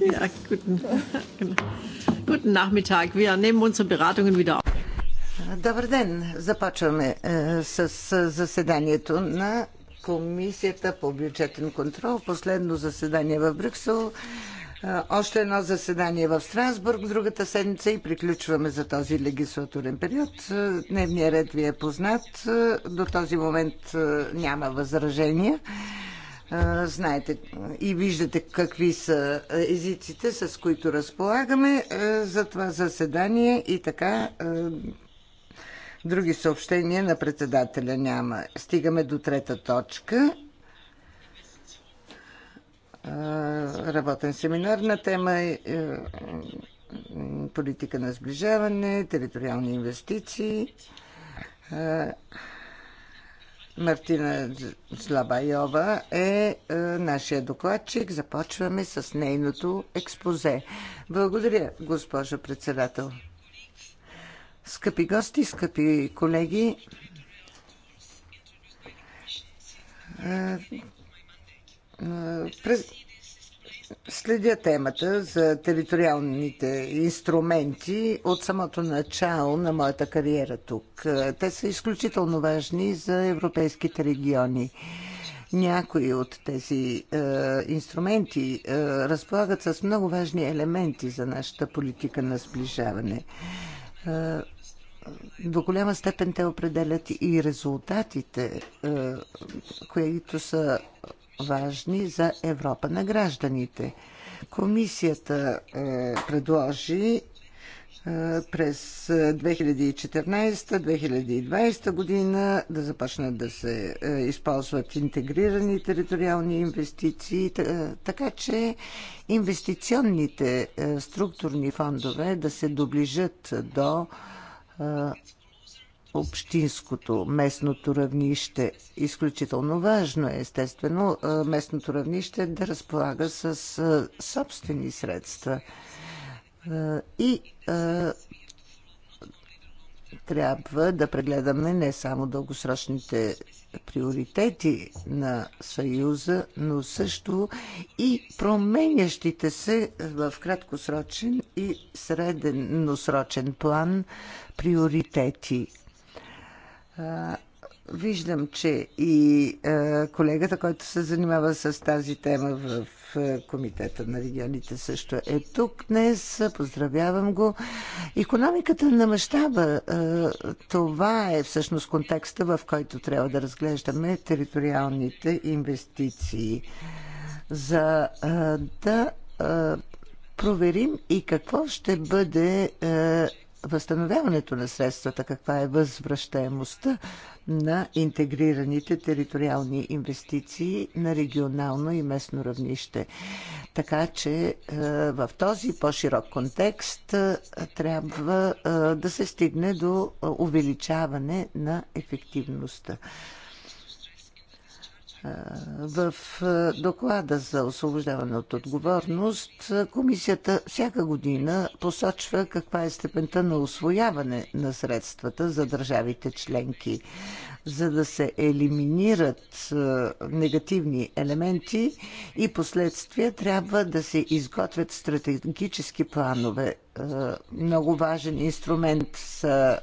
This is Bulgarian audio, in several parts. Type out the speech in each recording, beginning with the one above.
Ja, guten, genau. guten Nachmittag. Wir nehmen unsere Beratungen wieder auf. Добър ден! Започваме е, с, заседанието на Комисията по бюджетен контрол. Последно заседание в Брюксел. Е, още едно заседание в Страсбург другата седмица и приключваме за този легислатурен период. Е, дневният ред ви е познат. Е, до този момент е, няма възражения. Знаете и виждате какви са езиците, с които разполагаме за това заседание и така други съобщения на председателя няма. Стигаме до трета точка. Работен семинар на тема е, политика на сближаване, териториални инвестиции. Мартина Слабайова е, е, нашия докладчик. Започваме с нейното експозе. Благодаря, госпожо председател. Скъпи гости, скъпи колеги, е, през следя темата за териториалните инструменти от самото начало на моята кариера тук. Те са изключително важни за европейските региони. Някои от тези е, инструменти е, разполагат с много важни елементи за нашата политика на сближаване. Е, до голяма степен те определят и резултатите, е, които са важни за Европа на гражданите. Комисията е, предложи е, през 2014-2020 е, година да започнат да се е, използват интегрирани териториални инвестиции, е, така че инвестиционните е, структурни фондове да се доближат до общинското, местното равнище. Изключително важно е, естествено, местното равнище да разполага с собствени средства. И трябва да прегледаме не само дългосрочните приоритети на Съюза, но също и променящите се в краткосрочен и средносрочен план приоритети Виждам, че и колегата, който се занимава с тази тема в Комитета на регионите също е тук днес. Поздравявам го. Економиката на мащаба, това е всъщност контекста, в който трябва да разглеждаме териториалните инвестиции. За да проверим и какво ще бъде възстановяването на средствата, каква е възвръщаемостта на интегрираните териториални инвестиции на регионално и местно равнище. Така че е, в този по-широк контекст е, трябва е, да се стигне до увеличаване на ефективността в доклада за освобождаване от отговорност комисията всяка година посочва каква е степента на освояване на средствата за държавите членки. За да се елиминират негативни елементи и последствия, трябва да се изготвят стратегически планове. Много важен инструмент са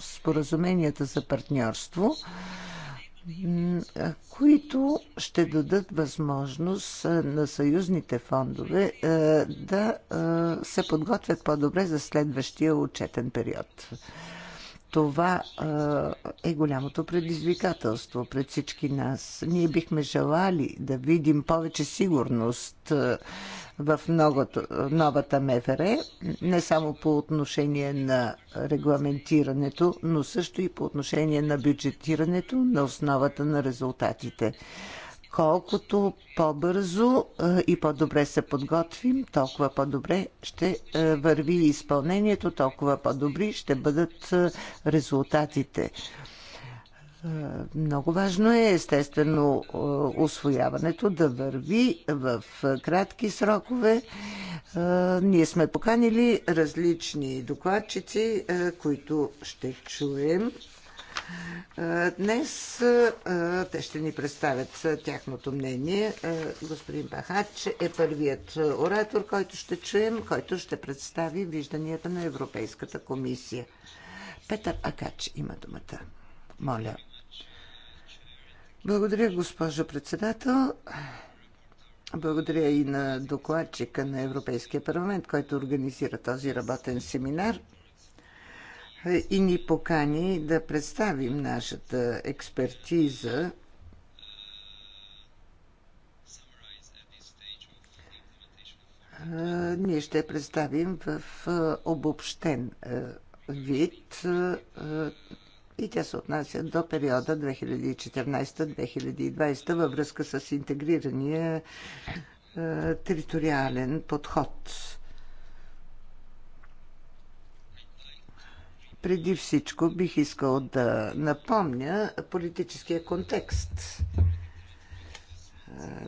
споразуменията за партньорство които ще дадат възможност на съюзните фондове да се подготвят по-добре за следващия отчетен период. Това е голямото предизвикателство пред всички нас. Ние бихме желали да видим повече сигурност в многото, новата МФР, не само по отношение на регламентирането, но също и по отношение на бюджетирането на основата на резултатите. Колкото по-бързо е, и по-добре се подготвим, толкова по-добре ще е, върви изпълнението, толкова по-добри ще бъдат е, резултатите. Много важно е, естествено, освояването да върви в кратки срокове. Ние сме поканили различни докладчици, които ще чуем Днес те ще ни представят тяхното мнение. Господин Пахач е първият оратор, който ще чуем, който ще представи вижданията на Европейската комисия. Петър Акач има думата. Моля. Благодаря, госпожо председател. Благодаря и на докладчика на Европейския парламент, който организира този работен семинар. Е, и ни покани да представим нашата експертиза е, ние ще представим в е, обобщен вид и тя се отнася до периода 2014-2020 във връзка с интегрирания териториален подход. Преди всичко бих искал да напомня политическия контекст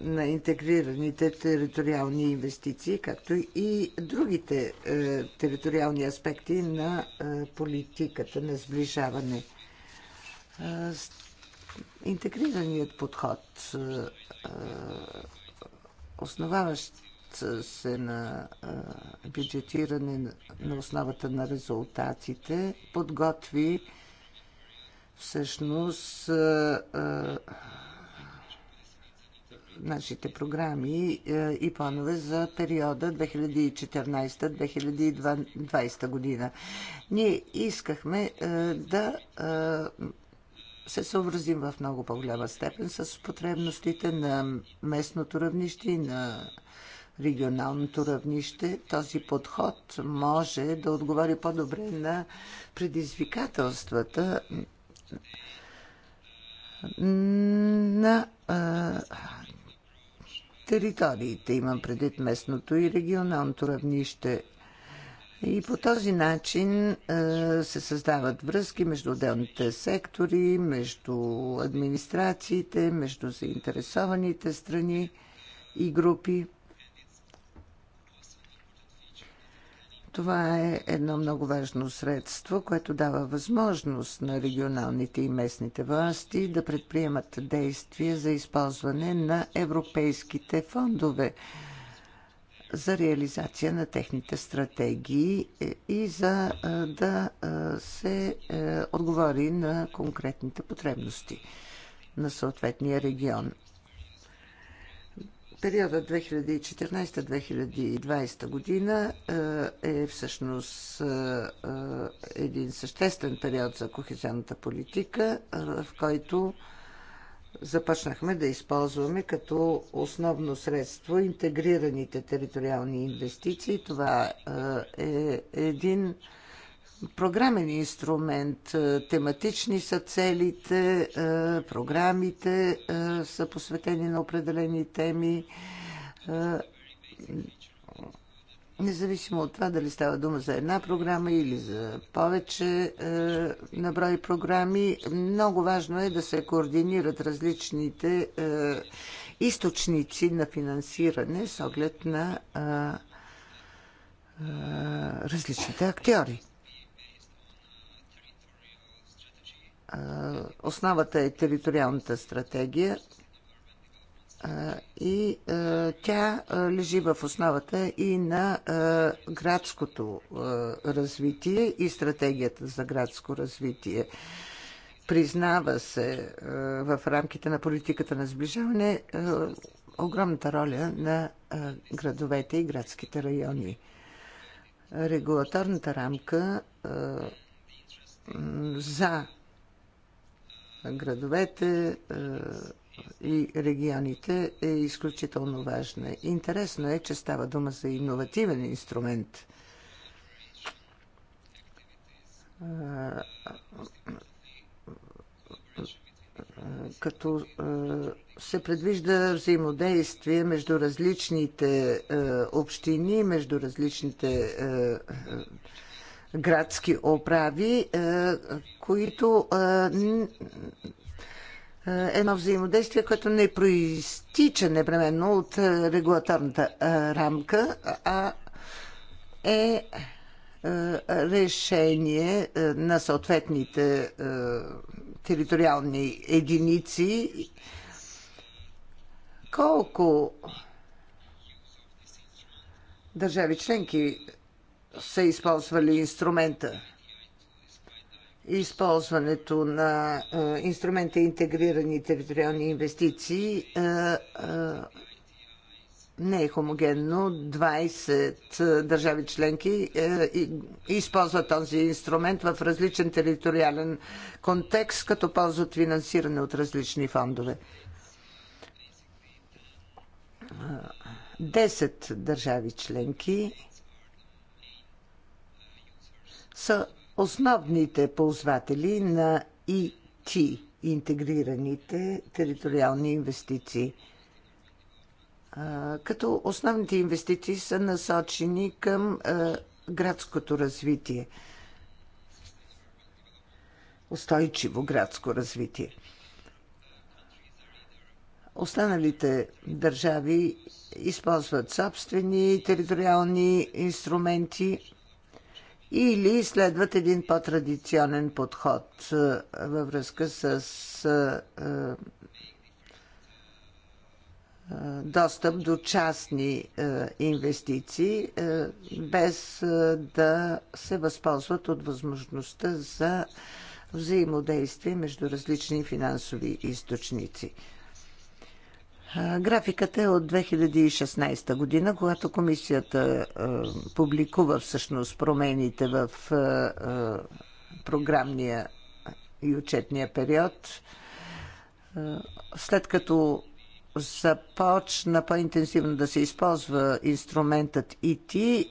на интегрираните териториални инвестиции, както и другите териториални аспекти на политиката на сближаване. Интегрираният подход, основаващ се на бюджетиране на основата на резултатите, подготви всъщност нашите програми и планове за периода 2014-2020 година. Ние искахме да се съобразим в много по-голяма степен с потребностите на местното равнище и на регионалното равнище. Този подход може да отговори по-добре на предизвикателствата на а, териториите, имам предвид местното и регионалното равнище. И по този начин се създават връзки между отделните сектори, между администрациите, между заинтересованите страни и групи. Това е едно много важно средство, което дава възможност на регионалните и местните власти да предприемат действия за използване на европейските фондове за реализация на техните стратегии и за да се е, отговори на конкретните потребности на съответния регион периода 2014-2020 година е, е всъщност е, е, един съществен период за кохезионната политика, в който започнахме да използваме като основно средство интегрираните териториални инвестиции. Това е един програмен инструмент. Е, тематични са целите, е, програмите е, са посветени на определени теми. Независимо от това дали става дума за една програма или за повече е, наброй програми, много важно е да се координират различните е, източници на финансиране с оглед на е, е, различните актьори. Основата е териториалната стратегия и тя лежи в основата и на градското развитие и стратегията за градско развитие. Признава се в рамките на политиката на сближаване огромната роля на градовете и градските райони. Регулаторната рамка за градовете е, и регионите е изключително важна. Интересно е, че става дума за иновативен инструмент. Като е, се предвижда взаимодействие между различните е, общини, между различните градски управи, е, които е, е, едно взаимодействие, което не проистича непременно от регулаторната рамка, а е решение на съответните териториални единици. Колко държави членки са използвали инструмента. Използването на е, инструмента интегрирани териториални инвестиции е, е, не е хомогенно. 20 държави членки използват този инструмент в различен териториален контекст, като ползват финансиране от различни фондове. 10 държави членки са основните ползватели на ИТ, интегрираните териториални инвестиции. Като основните инвестиции са насочени към градското развитие, устойчиво градско развитие. Останалите държави използват собствени териториални инструменти или следват един по-традиционен подход е, във връзка с е, е, достъп до частни инвестиции, без да се възползват от възможността за взаимодействие между различни финансови източници. Графикът е от 2016 година, когато комисията публикува всъщност промените в програмния и учетния период. След като започна по-интенсивно да се използва инструментът IT,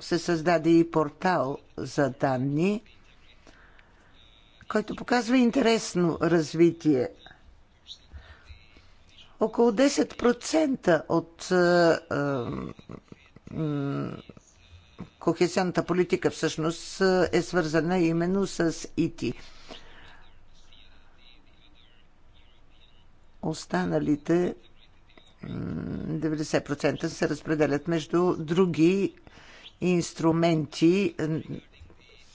се създаде и портал за данни, който показва интересно развитие около 10% от е, е, кохесионната политика всъщност е свързана именно с ИТИ. Останалите 90% се разпределят между други инструменти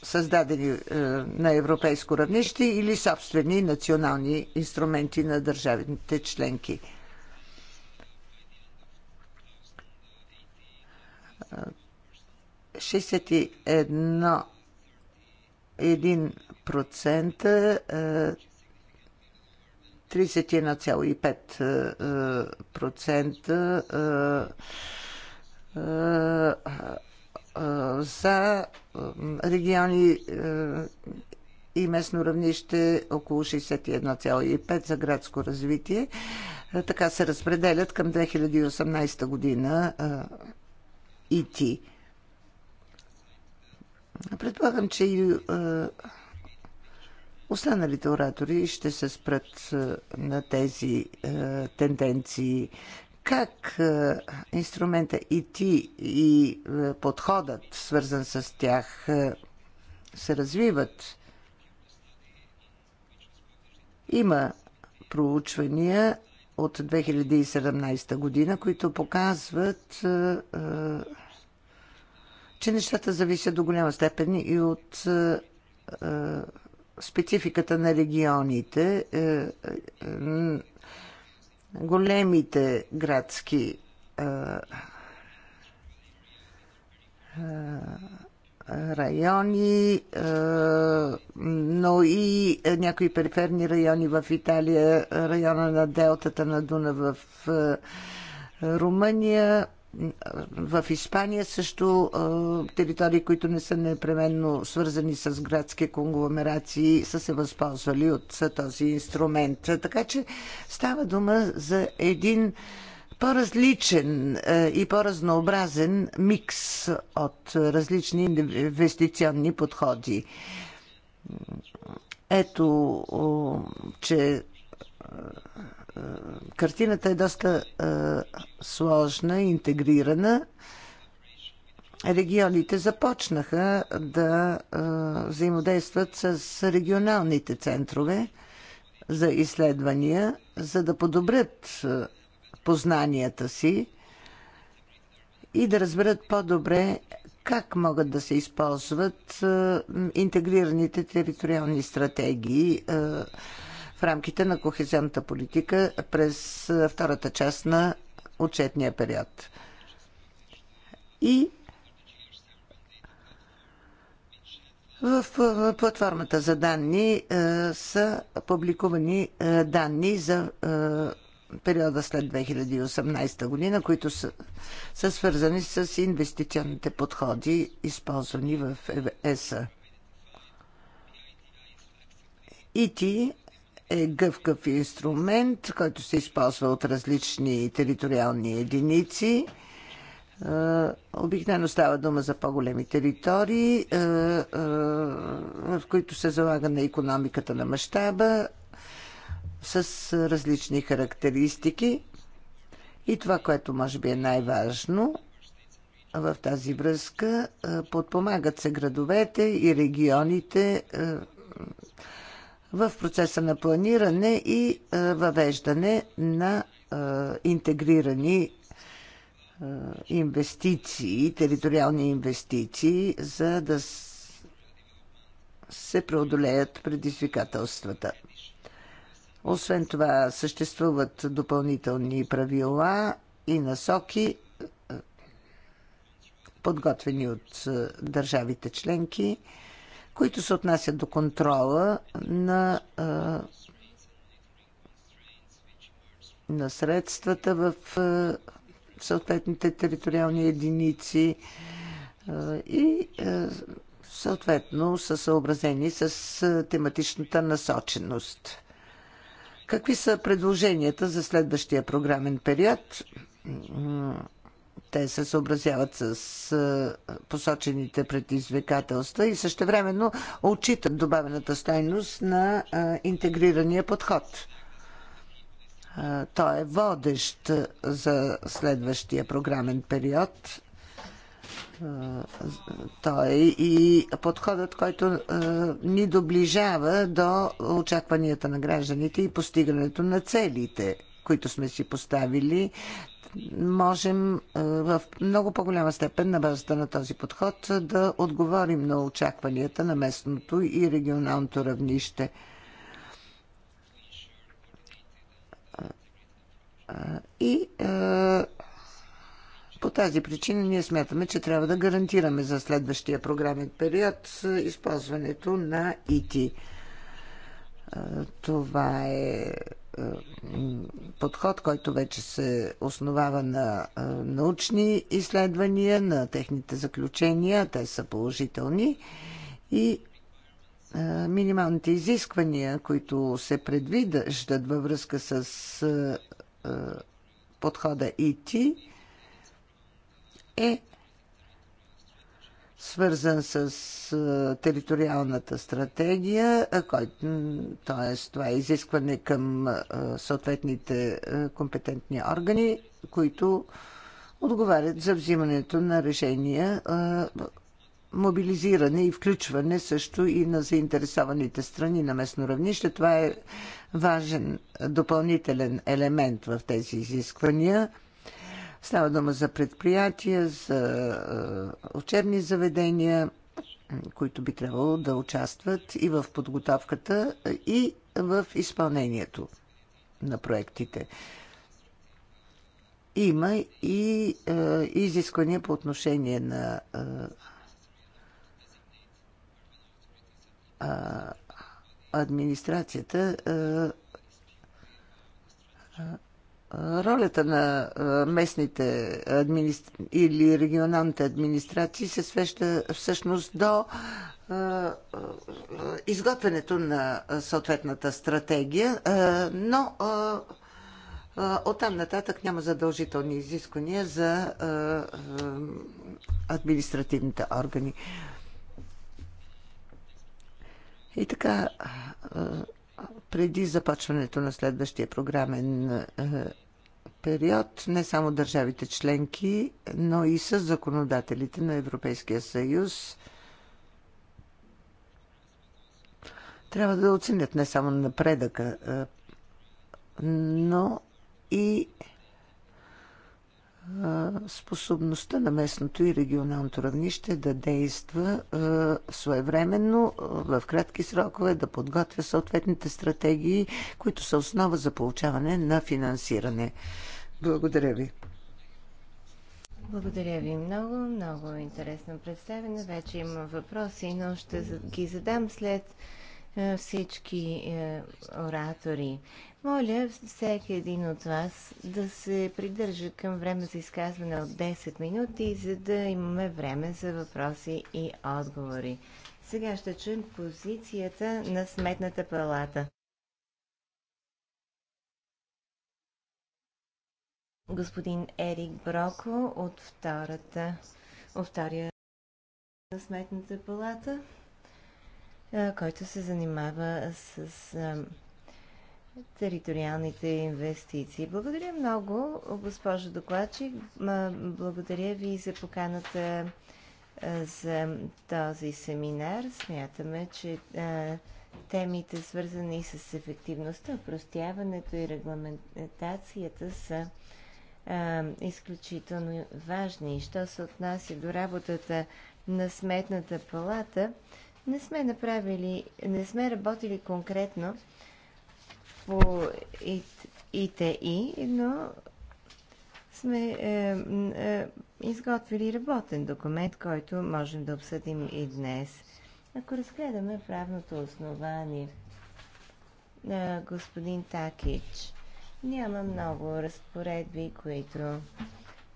създадени е, на европейско равнище или собствени национални инструменти на държавите членки. Е, шестдесет и едно един процент 31,5% е, за региони и местно равнище около 61,5 за градско развитие. Така се разпределят към 2018 година и ти. Предполагам, че и останалите оратори ще се спрат на тези тенденции как инструмента ти, и подходът, свързан с тях, се развиват. Има проучвания от 2017 година, които показват, че нещата зависят до голяма степен и от спецификата на регионите е, е, големите градски е, е, райони, е, но и някои периферни райони в Италия, района на Делтата на Дуна в Румъния в Испания също територии, които не са непременно свързани с градски конгломерации, са се възползвали от този инструмент. Така че става дума за един по-различен и по-разнообразен микс от различни инвестиционни подходи. Ето, че картината е доста сложна, интегрирана. Регионите започнаха да взаимодействат с регионалните центрове за изследвания, за да подобрят познанията си и да разберат по-добре как могат да се използват интегрираните териториални стратегии в рамките на кохезионната политика през втората част на отчетния период. И в платформата за данни са публикувани данни за периода след 2018 година, които са, са свързани с инвестиционните подходи, използвани в ЕСА. ИТИ е гъвкав инструмент, който се използва от различни териториални единици. Е, обикновено става дума за по-големи територии, е, е, в които се залага на економиката на мащаба с различни характеристики. И това, което може би е най-важно в тази връзка, подпомагат се градовете и регионите в процеса на планиране и въвеждане на интегрирани инвестиции, териториални инвестиции, за да се преодолеят предизвикателствата. Освен това, съществуват допълнителни правила и насоки, подготвени от държавите членки които се отнасят до контрола на, на средствата в съответните териториални единици и съответно са съобразени с тематичната насоченост. Какви са предложенията за следващия програмен период? те се съобразяват с посочените предизвикателства и същевременно отчитат добавената стойност на интегрирания подход. Той е водещ за следващия програмен период. Той е и подходът, който ни доближава до очакванията на гражданите и постигането на целите които сме си поставили можем е, в много по-голяма степен на базата на този подход да отговорим на очакванията на местното и регионалното равнище. Е, и е, по тази причина ние смятаме, че трябва да гарантираме за следващия програмен период използването на ИТИ. Това е е, подход, който вече се основава на е, научни изследвания, на техните заключения, те са положителни и е, минималните изисквания, които се предвиждат във връзка с подхода ИТ, е свързан с териториалната стратегия, т.е. това е изискване към съответните компетентни органи, които отговарят за взимането на решения, мобилизиране и включване също и на заинтересованите страни на местно равнище. Това е важен допълнителен елемент в тези изисквания – Става дума за предприятия, за е, учебни заведения, които би трябвало да участват и в подготовката, и в изпълнението на проектите. Има и е, изисквания по отношение на е, администрацията. Е, е Ролята на местните администр... или регионалните администрации се свеща всъщност до изготвянето на съответната стратегия, но оттам нататък няма задължителни изисквания за административните органи. И така, преди започването на следващия програмен е, период не само държавите членки, но и с законодателите на Европейския съюз трябва да оценят не само напредъка, е, но и способността на местното и регионалното равнище да действа своевременно, в кратки срокове, да подготвя съответните стратегии, които са основа за получаване на финансиране. Благодаря ви. Благодаря ви много. Много интересно представене. Вече има въпроси, но ще ги задам след е, всички е, оратори. Моля всеки един от вас да се придържа към време за изказване от 10 минути, за да имаме време за въпроси и отговори. Сега ще чуем позицията на Сметната палата. Господин Ерик Броко от, втората, от втория на Сметната палата който се занимава с териториалните инвестиции. Благодаря много, госпожо докладчик. Благодаря ви за поканата за този семинар. Смятаме, че темите, свързани с ефективността, простяването и регламентацията са а, изключително важни. Що се отнася до работата на Сметната палата, не сме направили, не сме работили конкретно по ИТИ, но сме е, е, изготвили работен документ, който можем да обсъдим и днес. Ако разгледаме правното основание, на е, господин Такич, няма много разпоредби, които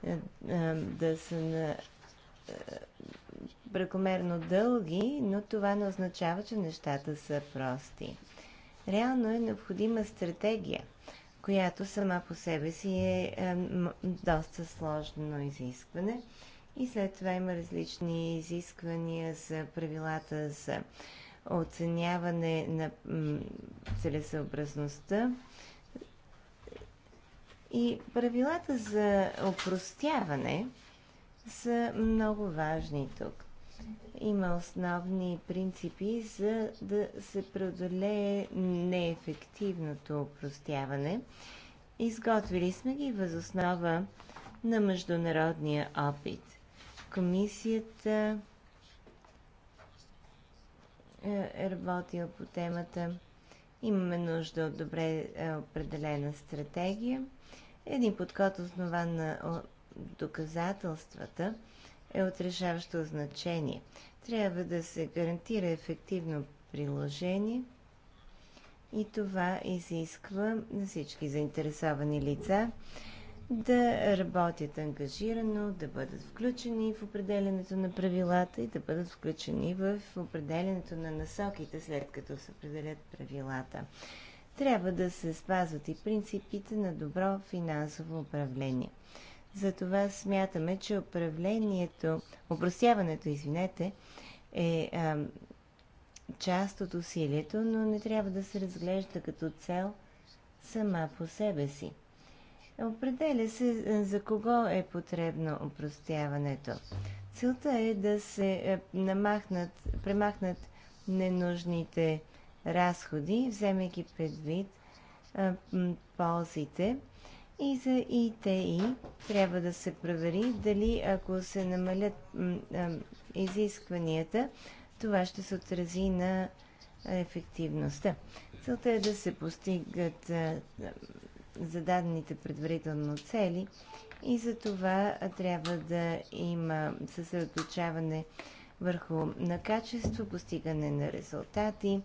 е, е, да са на прекомерно дълги, но това не означава, че нещата са прости. Реално е необходима стратегия, която сама по себе си е, е доста сложно изискване. И след това има различни изисквания за правилата за оценяване на целесъобразността и правилата за опростяване – са много важни тук. Има основни принципи за да се преодолее неефективното упростяване. Изготвили сме ги възоснова на международния опит. Комисията е, е работила по темата. Имаме нужда от добре е, определена стратегия. Един подход основан на доказателствата е от решаващо значение. Трябва да се гарантира ефективно приложение и това изисква на всички заинтересовани лица да работят ангажирано, да бъдат включени в определенето на правилата и да бъдат включени в определенето на насоките, след като се определят правилата. Трябва да се спазват и принципите на добро финансово управление. Затова смятаме, че управлението, упростяването, извинете, е а, част от усилието, но не трябва да се разглежда като цел сама по себе си. Определя се е, за кого е потребно опростяването. Целта е да се е, намахнат, премахнат ненужните разходи, вземайки предвид а, е, ползите и за ИТИ трябва да се провери дали ако се намалят изискванията, това ще се отрази на ефективността. Целта е да се постигат зададените предварително цели и за това трябва да има съсредоточаване върху на качество, постигане на резултати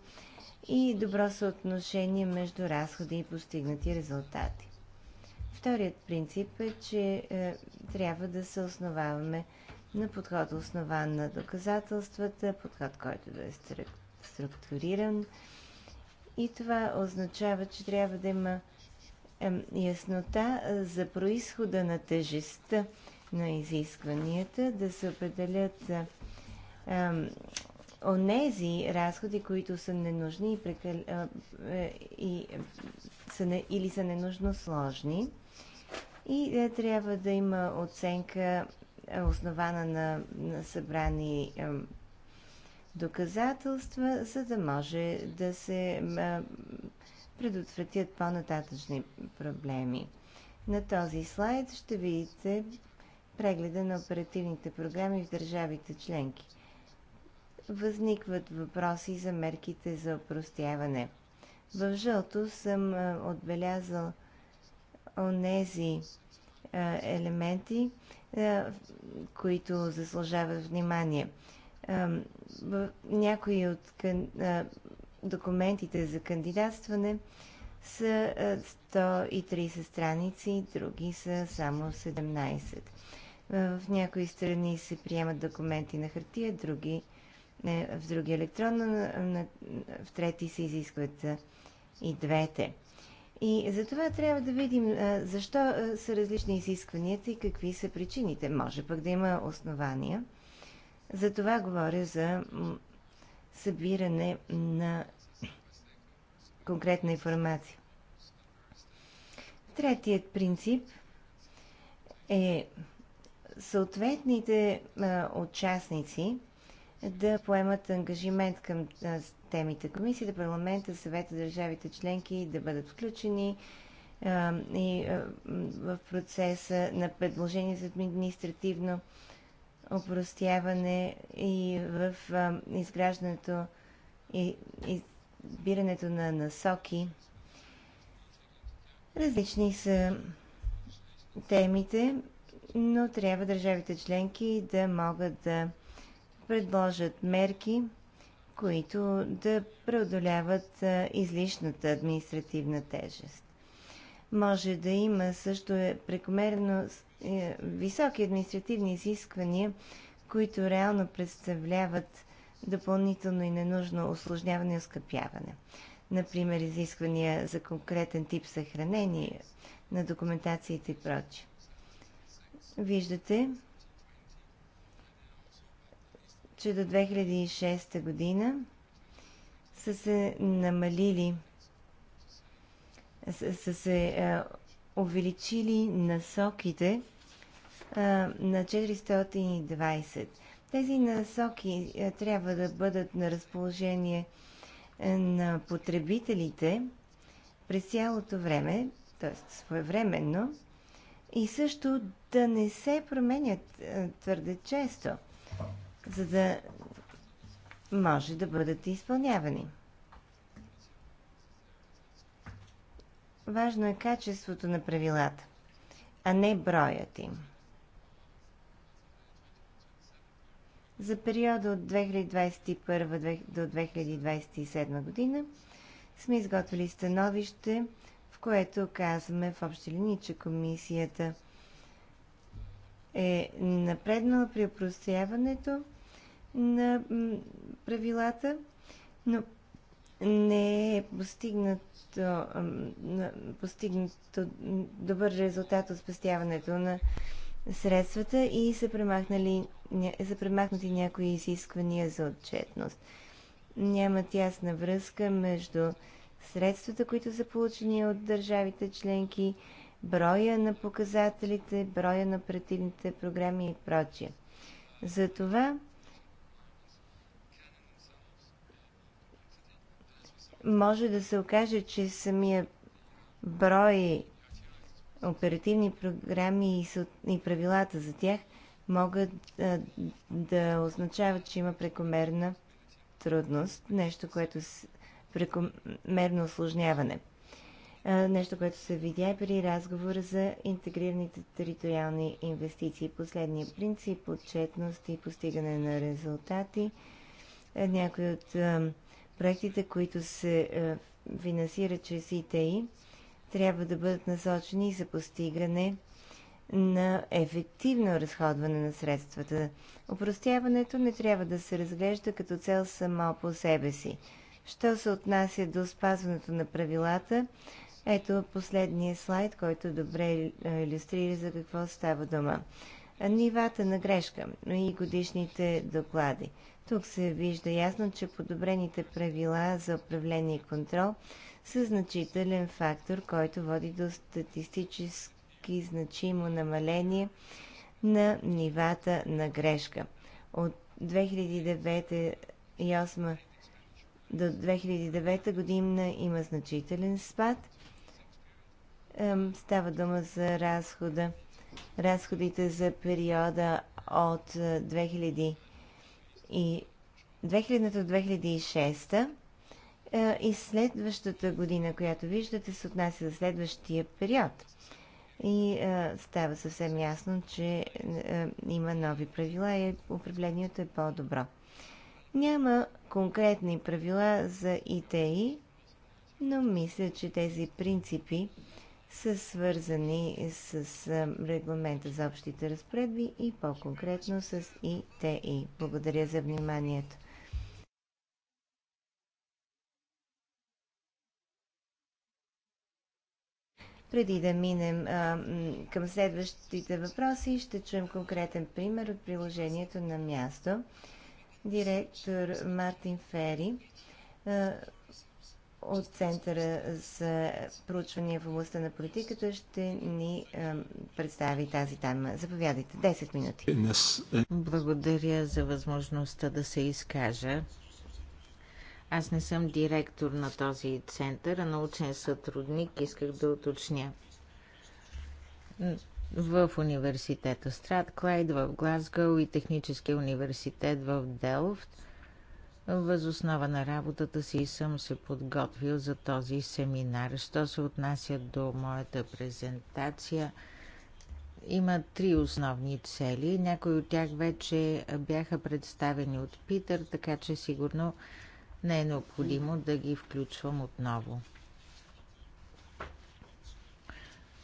и добро съотношение между разходи и постигнати резултати. Вторият принцип е, че е, трябва да се основаваме на подход основан на доказателствата, подход, който да е структуриран. И това означава, че трябва да има е, яснота за происхода на тежестта на изискванията, да се определят е, онези разходи, които са ненужни и, прекал... Е, и са не... или са ненужно сложни. И е, трябва да има оценка е, основана на, на събрани е, доказателства, за да може да се е, предотвратят по-нататъчни проблеми. На този слайд ще видите прегледа на оперативните програми в държавите членки – възникват въпроси за мерките за опростяване. В жълто съм отбелязал онези елементи, които заслужават внимание. Някои от документите за кандидатстване са 130 страници, други са само 17. В някои страни се приемат документи на хартия, други е, в други електронно, на, в трети се изискват и двете. И за това трябва да видим защо са различни изискванията и какви са причините. Може пък да има основания. За това говоря за събиране на конкретна информация. Третият принцип е съответните а, участници – да поемат ангажимент към темите. Комисията, парламента, съвета, държавите членки да бъдат включени а, и а, в процеса на предложение за административно опростяване и в а, изграждането и избирането на насоки. Различни са темите, но трябва държавите членки да могат да предложат мерки, които да преодоляват излишната административна тежест. Може да има също е, прекомерно е, високи административни изисквания, които реално представляват допълнително и ненужно осложняване и оскъпяване. Например, изисквания за конкретен тип съхранение на документациите и прочие. Виждате, че до 2006 година са се намалили, са се а, увеличили насоките а, на 420. Тези насоки а, трябва да бъдат на разположение на потребителите през цялото време, т.е. своевременно, и също да не се променят твърде често за да може да бъдат изпълнявани. Важно е качеството на правилата, а не броят им. За периода от 2021 до 2027 година сме изготвили становище, в което казваме в общи линии, че комисията е напреднала при опростяването на правилата, но не е постигнато, постигнато добър резултат от спестяването на средствата и са, премахнали, са премахнати някои изисквания за отчетност. Нямат ясна връзка между средствата, които са получени от държавите членки, броя на показателите, броя на оперативните програми и прочие. Затова може да се окаже, че самия брой оперативни програми и правилата за тях могат да означават, че има прекомерна трудност, нещо, което с... прекомерно осложняване. нещо, което се видя при разговора за интегрираните териториални инвестиции. Последния принцип – отчетност и постигане на резултати. Е, някои от проектите, които се е, финансират чрез ИТИ, трябва да бъдат насочени за постигане на ефективно разходване на средствата. Опростяването не трябва да се разглежда като цел само по себе си. Що се отнася до спазването на правилата, ето последния слайд, който добре е, иллюстрира за какво става дума. Нивата на грешка и годишните доклади. Тук се вижда ясно, че подобрените правила за управление и контрол са значителен фактор, който води до статистически значимо намаление на нивата на грешка. От 2009 и 2008 до 2009 година има значителен спад. Става дума за разхода, разходите за периода от 2000 и 2000-2006 е, и следващата година, която виждате, се отнася за следващия период. И а, е, става съвсем ясно, че а, е, има нови правила и управлението е по-добро. Няма конкретни правила за ИТИ, но мисля, че тези принципи са свързани с регламента за общите разпредби и по-конкретно с ИТИ. Благодаря за вниманието. Преди да минем а, към следващите въпроси, ще чуем конкретен пример от приложението на място. Директор Мартин Фери а, от Центъра за проучвания в областта на политиката ще ни е, представи тази тема. Заповядайте, 10 минути. Благодаря за възможността да се изкажа. Аз не съм директор на този център, а научен сътрудник. Исках да уточня. В университета Страт Клайд в Глазгъл и Техническия университет в Делфт – Възоснова на работата си съм се подготвил за този семинар. Що се отнася до моята презентация, има три основни цели. Някои от тях вече бяха представени от Питър, така че сигурно не е необходимо да ги включвам отново.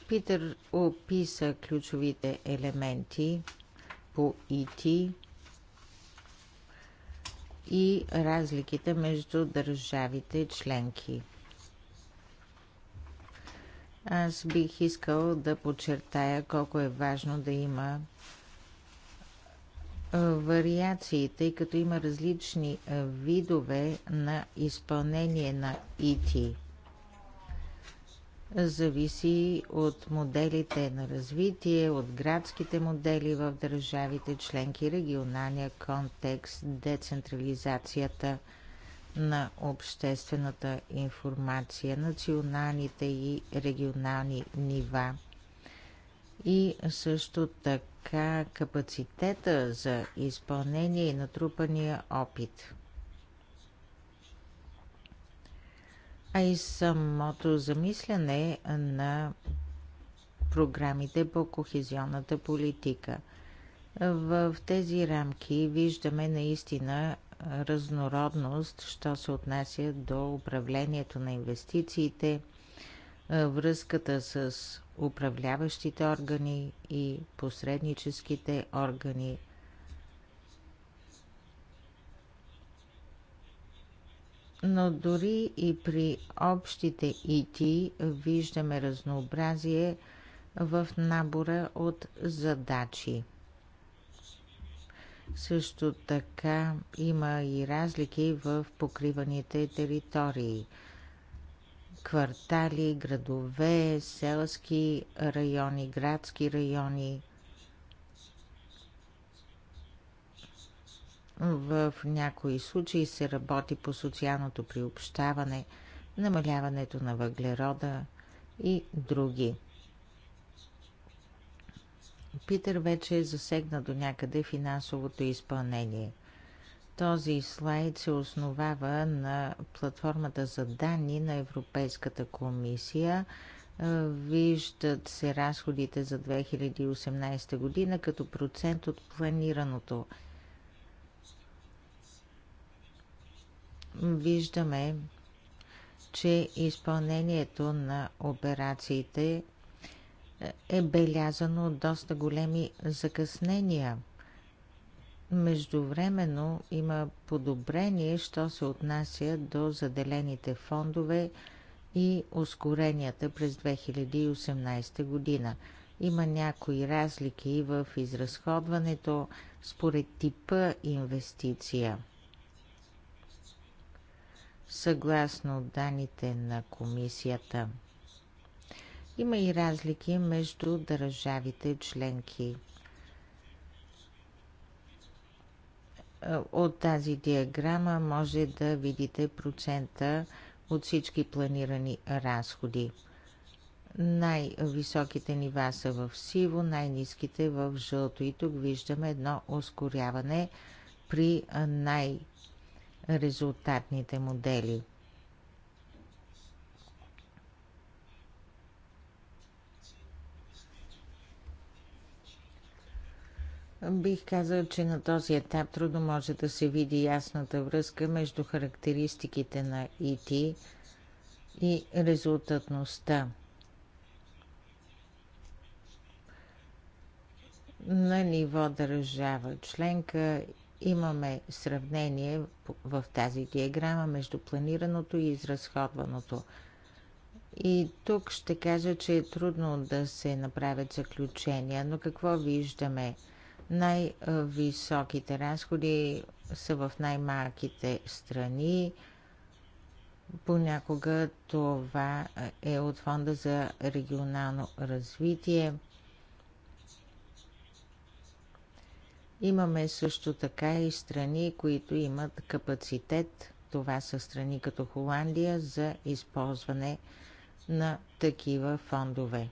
Питър описа ключовите елементи по Ити и разликите между държавите членки. Аз бих искал да подчертая колко е важно да има вариации, тъй като има различни видове на изпълнение на ИТи зависи от моделите на развитие, от градските модели в държавите членки, регионалния контекст, децентрализацията на обществената информация, националните и регионални нива и също така капацитета за изпълнение и натрупания опит. а и самото замисляне на програмите по кохезионната политика. В тези рамки виждаме наистина разнородност, що се отнася до управлението на инвестициите, връзката с управляващите органи и посредническите органи, Но дори и при общите ити виждаме разнообразие в набора от задачи. Също така има и разлики в покриваните територии. Квартали, градове, селски райони, градски райони. В някои случаи се работи по социалното приобщаване, намаляването на въглерода и други. Питър вече е засегна до някъде финансовото изпълнение. Този слайд се основава на платформата за данни на Европейската комисия. Виждат се разходите за 2018 година като процент от планираното. виждаме, че изпълнението на операциите е, е белязано от доста големи закъснения. Междувременно има подобрение, що се отнася до заделените фондове и ускоренията през 2018 година. Има някои разлики в изразходването според типа инвестиция – съгласно данните на комисията. Има и разлики между държавите членки. От тази диаграма може да видите процента от всички планирани разходи. Най-високите нива са в сиво, най-низките в жълто и тук виждаме едно ускоряване при най- резултатните модели. Бих казал, че на този етап трудно може да се види ясната връзка между характеристиките на ИТ и резултатността. На ниво държава членка имаме сравнение в тази диаграма между планираното и изразходваното. И тук ще кажа, че е трудно да се направят заключения, но какво виждаме? Най-високите разходи са в най-малките страни. Понякога това е от Фонда за регионално развитие – Имаме също така и страни, които имат капацитет. Това са страни като Холандия за използване на такива фондове.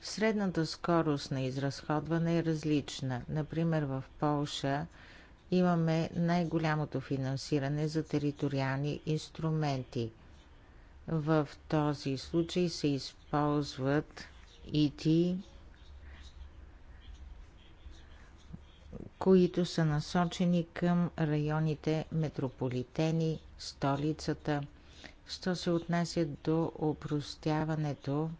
Средната скорост на изразходване е различна. Например, в Полша имаме най-голямото финансиране за териториални инструменти. В този случай се използват ИТИ, които са насочени към районите метрополитени, столицата. Що се отнася до опростяването,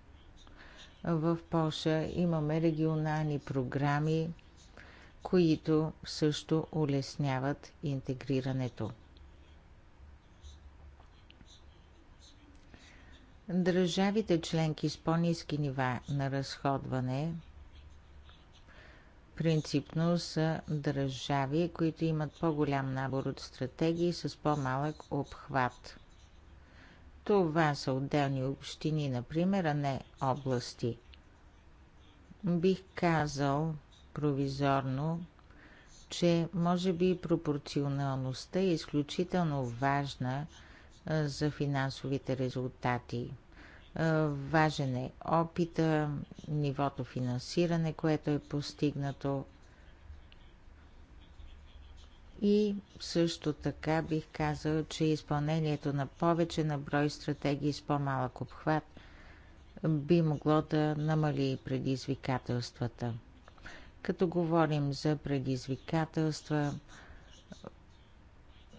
в Польша имаме регионални програми, които също улесняват интегрирането. Държавите членки с по-низки нива на разходване – принципно са държави, които имат по-голям набор от стратегии с по-малък обхват. Това са отделни общини, например, а не области. Бих казал провизорно, че може би пропорционалността е изключително важна за финансовите резултати. Е, важен е опита, нивото финансиране, което е постигнато. И също така бих казал, че изпълнението на повече на брой стратегии с по-малък обхват би могло да намали предизвикателствата. Като говорим за предизвикателства,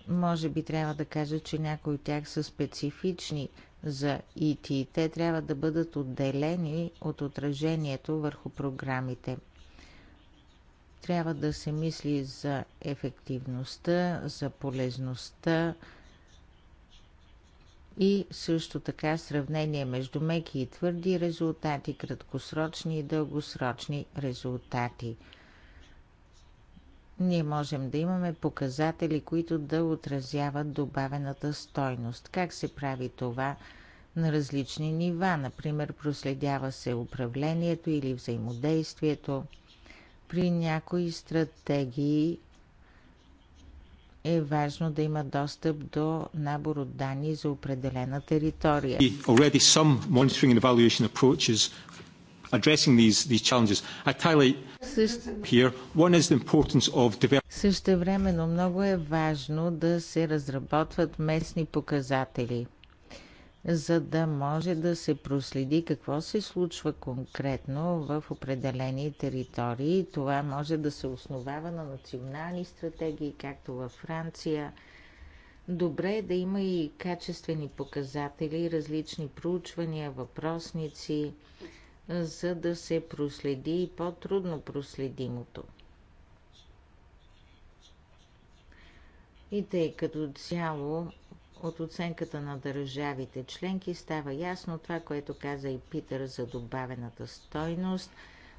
може би трябва да кажа, че някои от тях са специфични за ИТ. Те трябва да бъдат отделени от отражението върху програмите. Трябва да се мисли за ефективността, за полезността и също така сравнение между меки и твърди резултати, краткосрочни и дългосрочни резултати – ние можем да имаме показатели, които да отразяват добавената стойност. Как се прави това на различни нива? Например, проследява се управлението или взаимодействието. При някои стратегии е важно да има достъп до набор от данни за определена територия addressing these, these challenges. I'd highlight here, one is the importance of development. много е важно да се разработват местни показатели, за да може да се проследи какво се случва конкретно в определени територии. Това може да се основава на национални стратегии, както във Франция, Добре е да има и качествени показатели, различни проучвания, въпросници, за да се проследи и по-трудно проследимото. И тъй като цяло от оценката на държавите членки става ясно това, което каза и Питър за добавената стойност.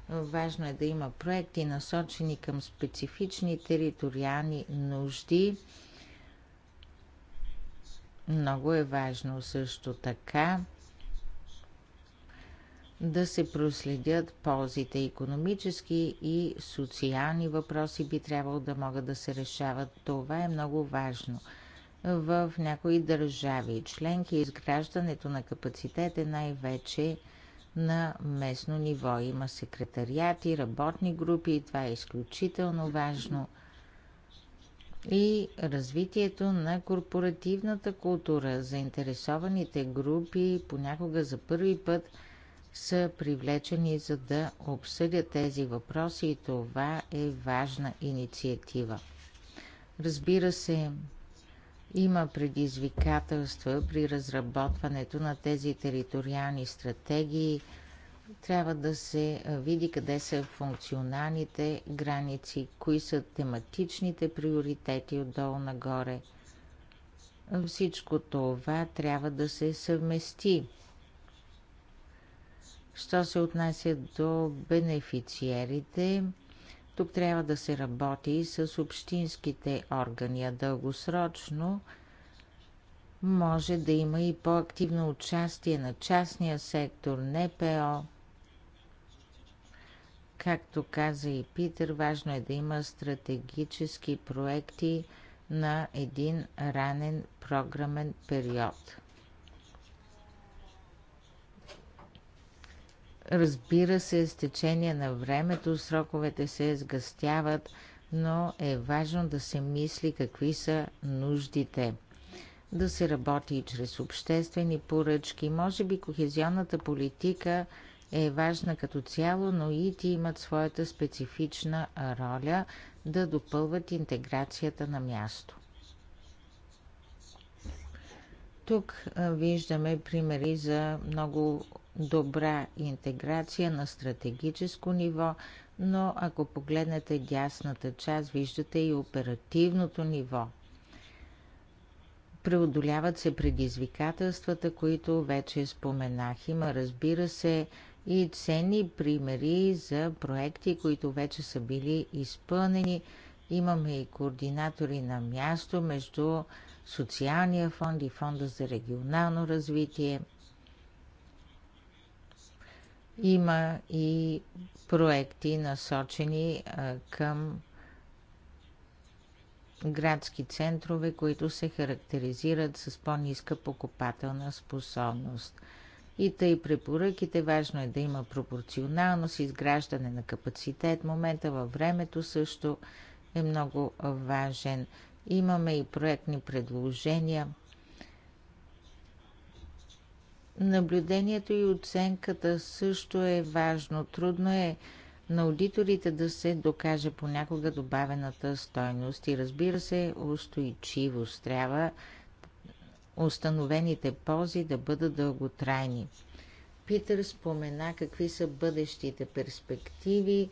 Важно е да има проекти насочени към специфични териториални нужди. Много е важно също така да се проследят ползите. Економически и социални въпроси би трябвало да могат да се решават. Това е много важно. В някои държави членки изграждането на капацитет е най-вече на местно ниво. Има секретариати, работни групи и това е изключително важно. И развитието на корпоративната култура. Заинтересованите групи понякога за първи път – са привлечени за да обсъдят тези въпроси и това е важна инициатива. Разбира се, има предизвикателства при разработването на тези териториални стратегии. Трябва да се види къде са функционалните граници, кои са тематичните приоритети отдолу нагоре. Всичко това трябва да се съвмести Що се отнася до бенефициерите, тук трябва да се работи с общинските органи, а дългосрочно може да има и по-активно участие на частния сектор, НПО. Както каза и Питър, важно е да има стратегически проекти на един ранен програмен период. Разбира се, с течение на времето сроковете се сгъстяват, но е важно да се мисли какви са нуждите. Да се работи и чрез обществени поръчки. Може би кохезионната политика е важна като цяло, но и ти имат своята специфична роля да допълват интеграцията на място. Тук виждаме примери за много добра интеграция на стратегическо ниво, но ако погледнете дясната част, виждате и оперативното ниво. Преодоляват се предизвикателствата, които вече споменах. Има, разбира се, и ценни примери за проекти, които вече са били изпълнени. Имаме и координатори на място между Социалния фонд и Фонда за регионално развитие – има и проекти насочени към градски центрове, които се характеризират с по-ниска покупателна способност. И тъй препоръките важно е да има пропорционалност, изграждане на капацитет. Момента във времето също е много важен. Имаме и проектни предложения – Наблюдението и оценката също е важно. Трудно е на аудиторите да се докаже понякога добавената стойност и разбира се устойчивост. Трябва установените ползи да бъдат дълготрайни. Питър спомена какви са бъдещите перспективи.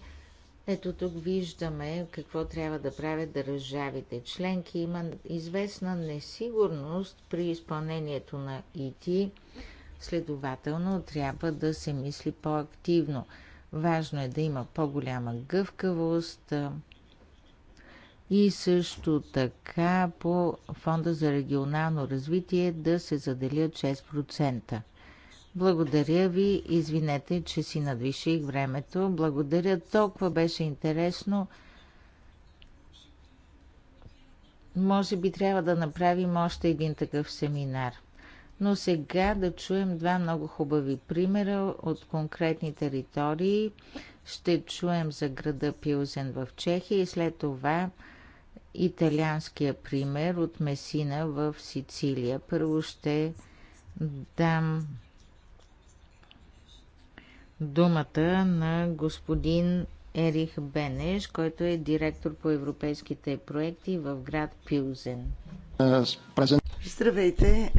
Ето тук виждаме какво трябва да правят държавите членки. Има известна несигурност при изпълнението на ИТИ. Следователно трябва да се мисли по-активно. Важно е да има по-голяма гъвкавост и също така по Фонда за регионално развитие да се заделят 6%. Благодаря ви. Извинете, че си надвиших времето. Благодаря. Толкова беше интересно. Може би трябва да направим още един такъв семинар. Но сега да чуем два много хубави примера от конкретни територии. Ще чуем за града Пилзен в Чехия и след това италианския пример от Месина в Сицилия. Първо ще дам думата на господин Ерих Бенеш, който е директор по европейските проекти в град Пилзен. Здравейте,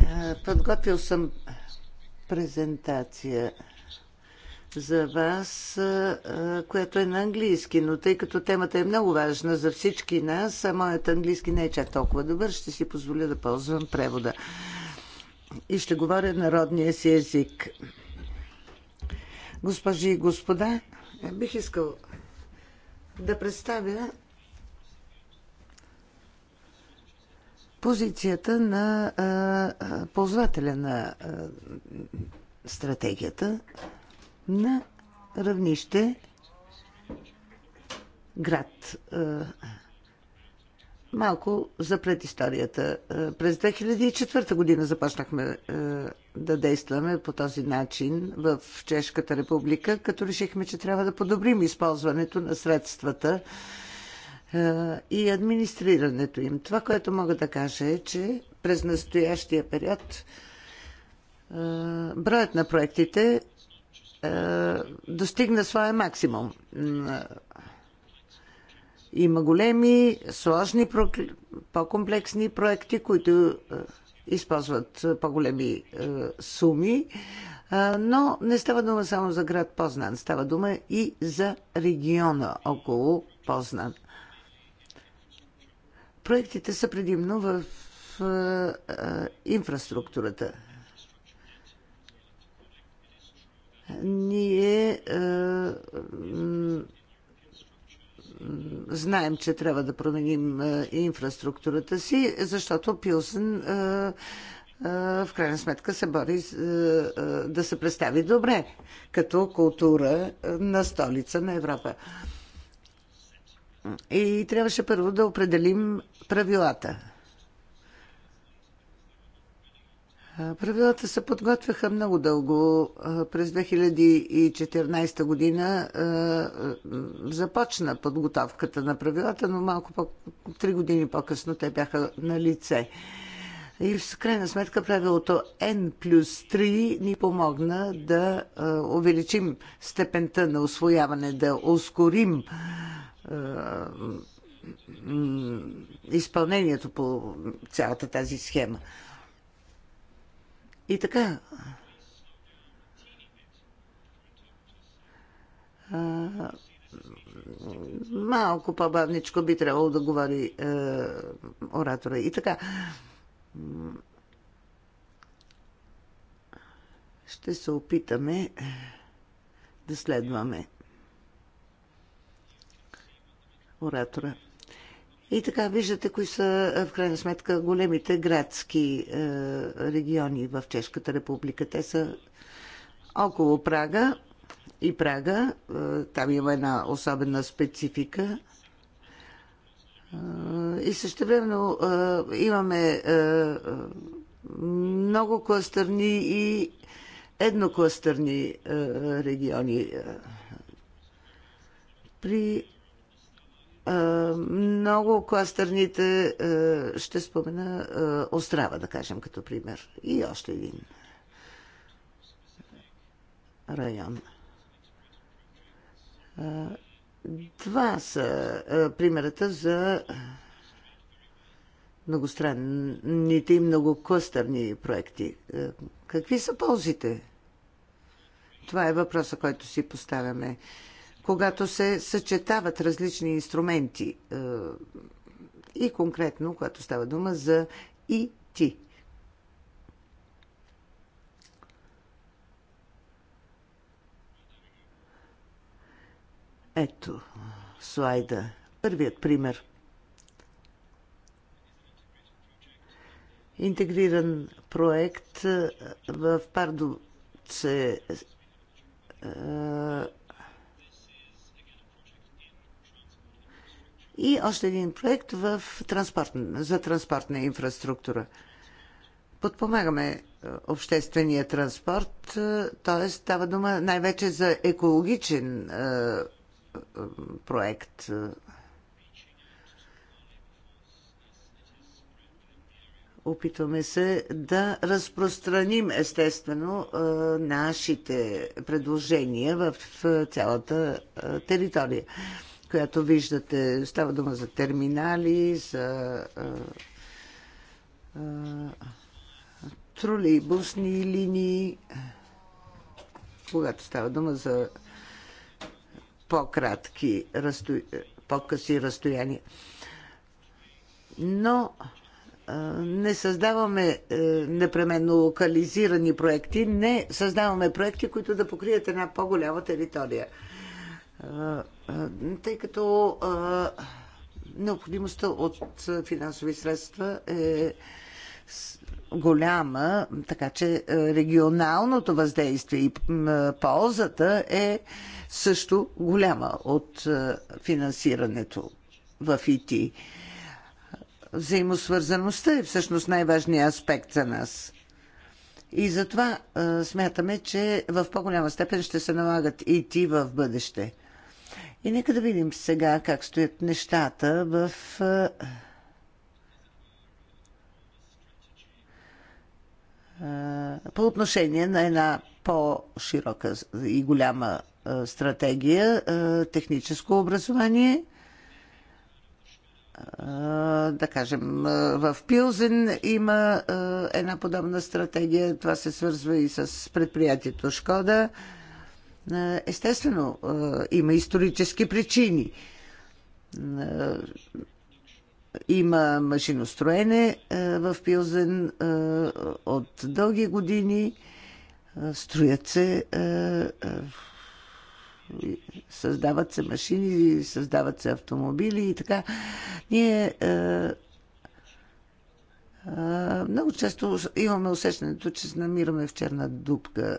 подготвил съм презентация за вас, която е на английски, но тъй като темата е много важна за всички нас, а моят английски не е чак толкова добър, ще си позволя да ползвам превода. И ще говоря народния си език. Госпожи и господа, бих искал да представя позицията на а, ползвателя на а, стратегията на равнище град. Малко за предисторията. През 2004 година започнахме да действаме по този начин в Чешката република, като решихме, че трябва да подобрим използването на средствата е, и администрирането им. Това, което мога да кажа е, че през настоящия период е, броят на проектите е, достигна своя максимум. Има големи, сложни, по-комплексни проекти, които използват по-големи суми, но не става дума само за град Познан, става дума и за региона около Познан. Проектите са предимно в инфраструктурата. Ние знаем, че трябва да променим инфраструктурата си, защото Пилсен в крайна сметка се бори да се представи добре като култура на столица на Европа. И трябваше първо да определим правилата. Правилата се подготвяха много дълго. През 2014 година започна подготовката на правилата, но малко по три години по-късно те бяха на лице. И в крайна сметка правилото N плюс 3 ни помогна да увеличим степента на освояване, да ускорим изпълнението по цялата тази схема. И така. А, малко по-бавничко би трябвало да говори е, оратора. И така. Ще се опитаме да следваме оратора. И така виждате кои са е, в крайна сметка големите градски е, региони в Чешката република. Те са около Прага и Прага. Е, там има една особена специфика. Е, и същевременно е, имаме е, е много кластърни и еднокластърни е, региони. Е, при много кластърните ще спомена Острава, да кажем, като пример. И още един район. Два са примерата за многостранните и многокъстърни проекти. Какви са ползите? Това е въпроса, който си поставяме когато се съчетават различни инструменти е, и конкретно, когато става дума за и ти. Ето слайда. Първият пример. Интегриран проект е, в Пардовце е, и още един проект в транспорт, за транспортна инфраструктура. Подпомагаме е, обществения транспорт, е, т.е. става дума най-вече за екологичен е, проект. Опитваме се да разпространим естествено нашите предложения в цялата територия която виждате. Става дума за терминали, за а, а, тролейбусни линии. Когато става дума за по-кратки, разто... по-къси разстояния. Но не създаваме е, непременно локализирани проекти, не създаваме проекти, които да покрият една по-голяма територия тъй като необходимостта от финансови средства е голяма, така че регионалното въздействие и ползата е също голяма от финансирането в ИТ. Взаимосвързаността е всъщност най-важният аспект за нас. И затова смятаме, че в по-голяма степен ще се налагат ИТ в бъдеще – и нека да видим сега как стоят нещата в по отношение на една по-широка и голяма стратегия техническо образование. Да кажем, в Пилзен има една подобна стратегия. Това се свързва и с предприятието Шкода. Е, естествено, е, има исторически причини. Е, има машиностроене в Пилзен от дълги години. Строят се, създават се машини, създават се автомобили и така. Ние много често имаме усещането, че се намираме в черна дупка.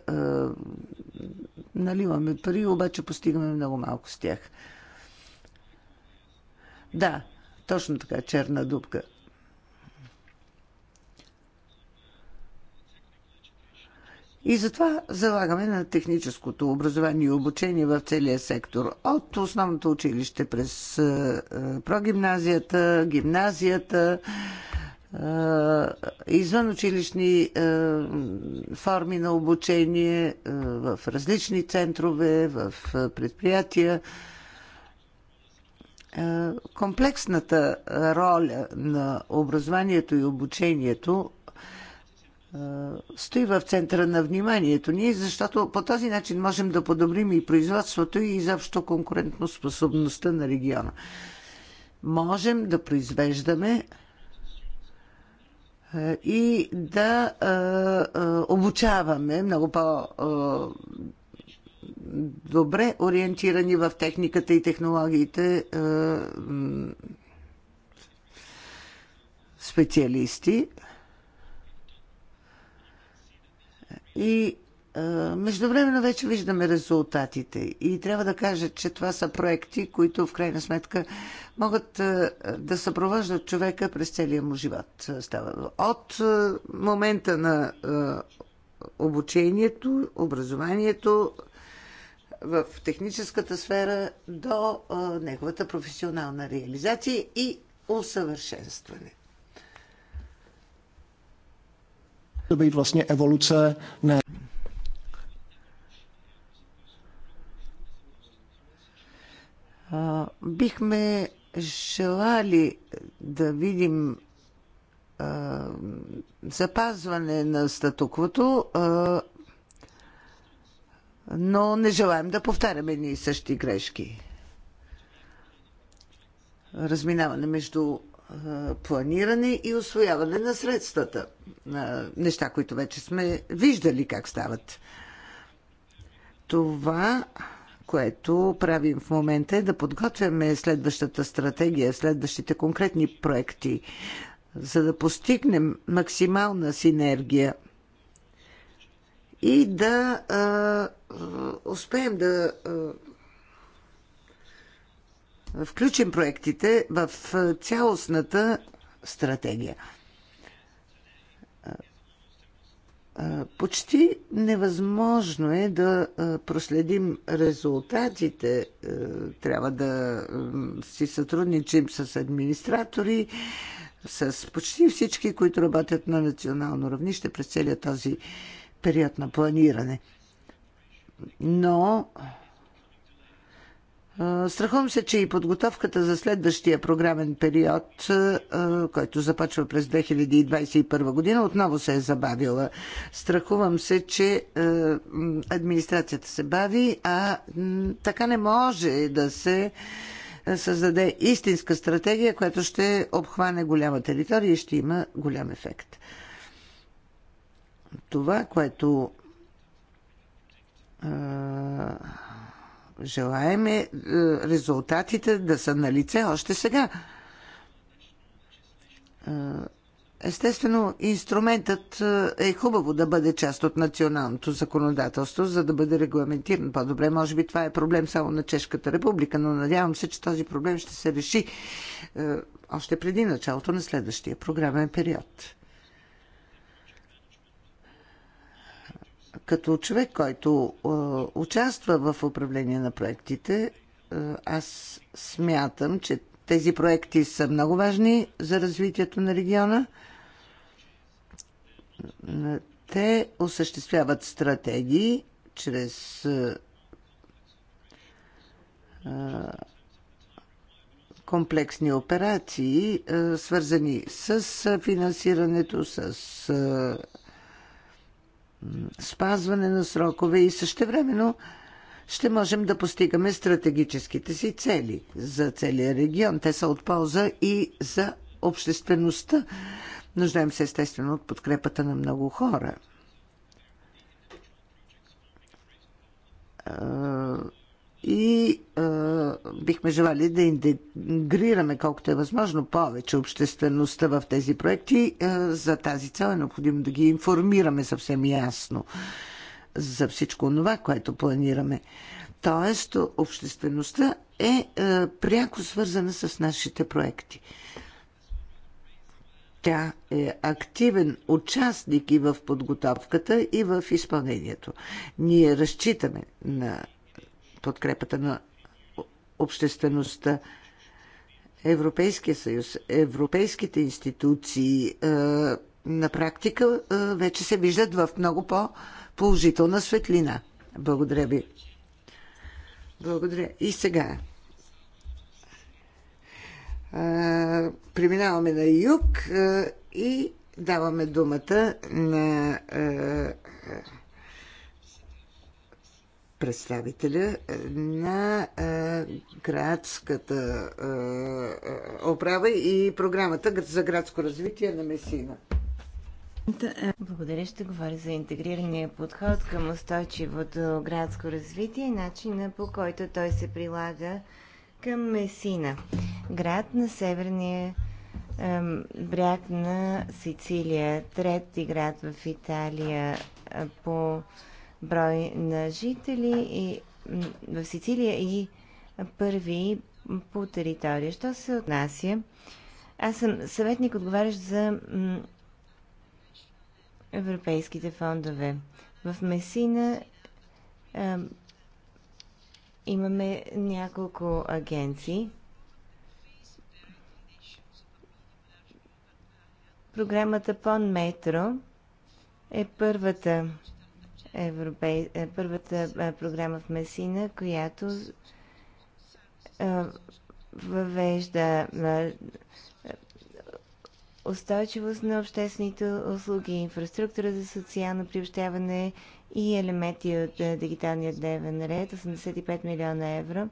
Наливаме пари, обаче постигаме много малко с тях. Да, точно така, черна дупка. И затова залагаме на техническото образование и обучение в целия сектор. От основното училище през прогимназията, гимназията, е, извън училищни е, форми на обучение е, в различни центрове, в предприятия. Комплексната роля на образованието и обучението стои в центъра на вниманието ни, защото по този начин можем да подобрим и производството и изобщо способността на региона. Можем да произвеждаме и да обучаваме много по- добре ориентирани в техниката и технологиите специалисти. И Междувременно вече виждаме резултатите и трябва да кажа, че това са проекти, които в крайна сметка могат да съпровождат човека през целия му живот. От момента на обучението, образованието в техническата сфера до неговата професионална реализация и усъвършенстване. To být vlastně evoluce ne бихме желали да видим запазване на статуквото, но не желаем да повтаряме ни същи грешки. Разминаване между планиране и освояване на средствата. Неща, които вече сме виждали как стават. Това което правим в момента е да подготвяме следващата стратегия, следващите конкретни проекти, за да постигнем максимална синергия и да а, успеем да а, включим проектите в цялостната стратегия. Почти невъзможно е да проследим резултатите. Трябва да си сътрудничим с администратори, с почти всички, които работят на национално равнище през целият този период на планиране. Но Страхувам се, че и подготовката за следващия програмен период, който започва през 2021 година, отново се е забавила. Страхувам се, че администрацията се бави, а така не може да се създаде истинска стратегия, която ще обхване голяма територия и ще има голям ефект. Това, което желаеме е, резултатите да са на лице още сега. Е, естествено, инструментът е, е хубаво да бъде част от националното законодателство, за да бъде регламентиран по-добре. Може би това е проблем само на Чешката република, но надявам се, че този проблем ще се реши още преди началото на следващия програмен период. като човек, който участва в управление на проектите, аз смятам, че тези проекти са много важни за развитието на региона. Те осъществяват стратегии чрез комплексни операции, свързани с финансирането, с спазване на срокове и същевременно ще можем да постигаме стратегическите си цели за целия регион. Те са от полза и за обществеността. Нуждаем се естествено от подкрепата на много хора. Е, и а, бихме желали да интегрираме колкото е възможно повече обществеността в тези проекти. А, за тази цел е необходимо да ги информираме съвсем ясно за всичко това, което планираме. Тоест, обществеността е, е пряко свързана с нашите проекти. Тя е активен участник и в подготовката, и в изпълнението. Ние разчитаме на подкрепата на обществеността. Европейския съюз, европейските институции е, на практика е, вече се виждат в много по-положителна светлина. Благодаря ви. Благодаря. И сега. Е, преминаваме на юг и даваме думата на представителя е, на е, градската оправа е, и програмата за градско развитие на Месина. Благодаря, ще говоря за интегрирания подход към устойчивото градско развитие и начина по който той се прилага към Месина, град на северния ем, бряг на Сицилия, трети град в Италия по брой на жители и, в Сицилия и първи по територия. Що се отнася? Аз съм съветник, отговарящ за европейските фондове. В Месина а, имаме няколко агенции. Програмата Пон Метро е първата европей... Е, първата е, програма в Месина, която е, въвежда устойчивост на обществените услуги, инфраструктура за социално приобщаване и елементи от дигиталния дневен ред, 85 милиона евро.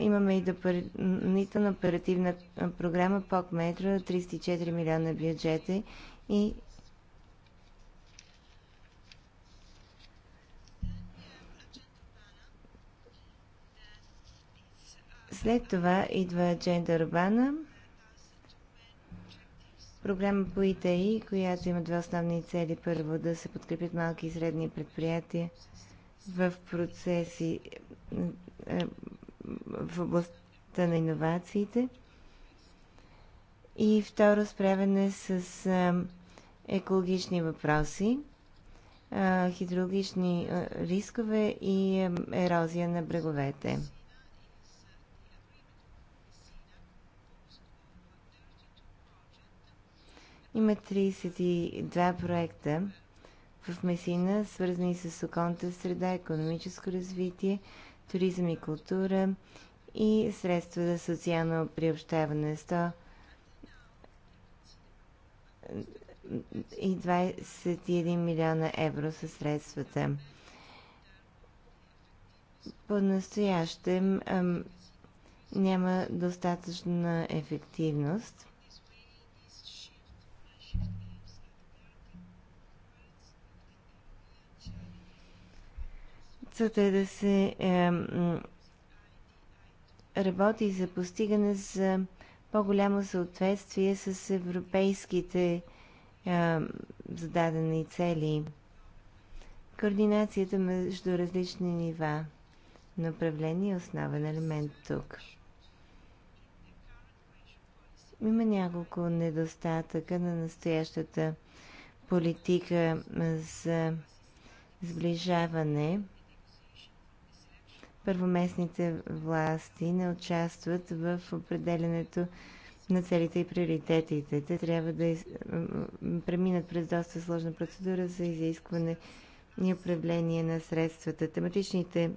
Имаме и допълнителна оперативна програма ПОК Метро, 34 милиона бюджета и След това идва Джендър Urbana, програма по ИТИ, която има две основни цели. Първо, да се подкрепят малки и средни предприятия в процеси е, в областта на иновациите. И второ, справяне с е, екологични въпроси, е, хидрологични рискове и ерозия на бреговете. Има 32 проекта в Месина, свързани с околната среда, економическо развитие, туризъм и култура и средства за социално приобщаване. 100 и 21 милиона евро са средствата. По-настоящем няма достатъчна ефективност – Целта е да се е, работи за постигане за по-голямо съответствие с европейските е, зададени цели. Координацията между различни нива на управление е основен елемент тук. Има няколко недостатъка на настоящата политика за сближаване – първоместните власти не участват в определенето на целите и приоритетите. Те трябва да из... преминат през доста сложна процедура за изискване и управление на средствата. Тематичните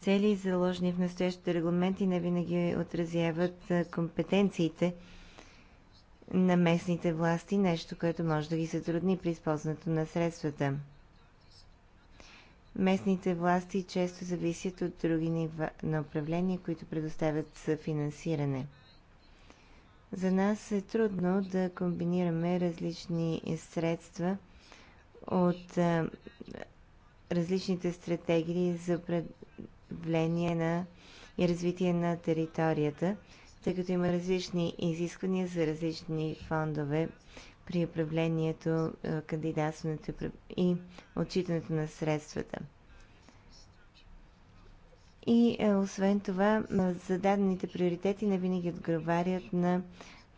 цели, заложени в настоящите регламенти, не винаги отразяват компетенциите на местните власти, нещо, което може да ги затрудни при използването на средствата. Местните власти често зависят от други нива на управление, които предоставят съфинансиране. За нас е трудно да комбинираме различни средства от а, различните стратегии за управление на и развитие на територията, тъй като има различни изисквания за различни фондове при управлението, кандидатстването и отчитането на средствата. И освен това, зададените приоритети не винаги отговарят на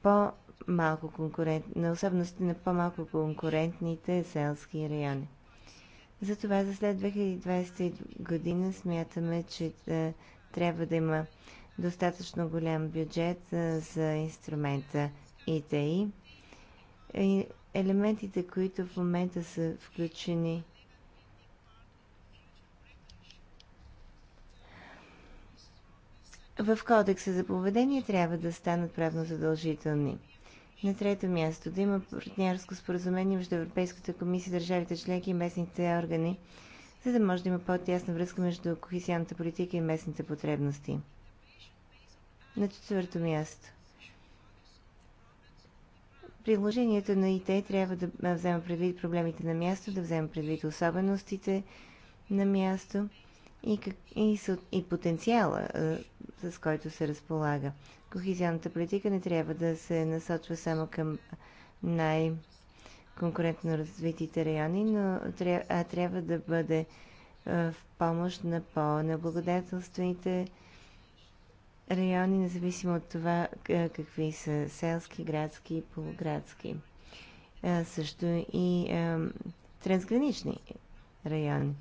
по-малко конкурент, на особености на по-малко конкурентните селски райони. Затова за след 2020 година смятаме, че трябва да има достатъчно голям бюджет за инструмента ИТИ е, елементите, които в момента са включени. В кодекса за поведение трябва да станат правно задължителни. На трето място да има партньорско споразумение между Европейската комисия, държавите членки и местните органи, за да може да има по-тясна връзка между кохесионната политика и местните потребности. На четвърто място Приложението на ИТ трябва да взема предвид проблемите на място, да взема предвид особеностите на място и, как, и, и потенциала, с който се разполага. Кохизионната политика не трябва да се насочва само към най- конкурентно развитите райони, но а трябва да бъде в помощ на по-наблагодетелствените райони, независимо от това какви са селски, градски и полуградски. Също и трансгранични райони.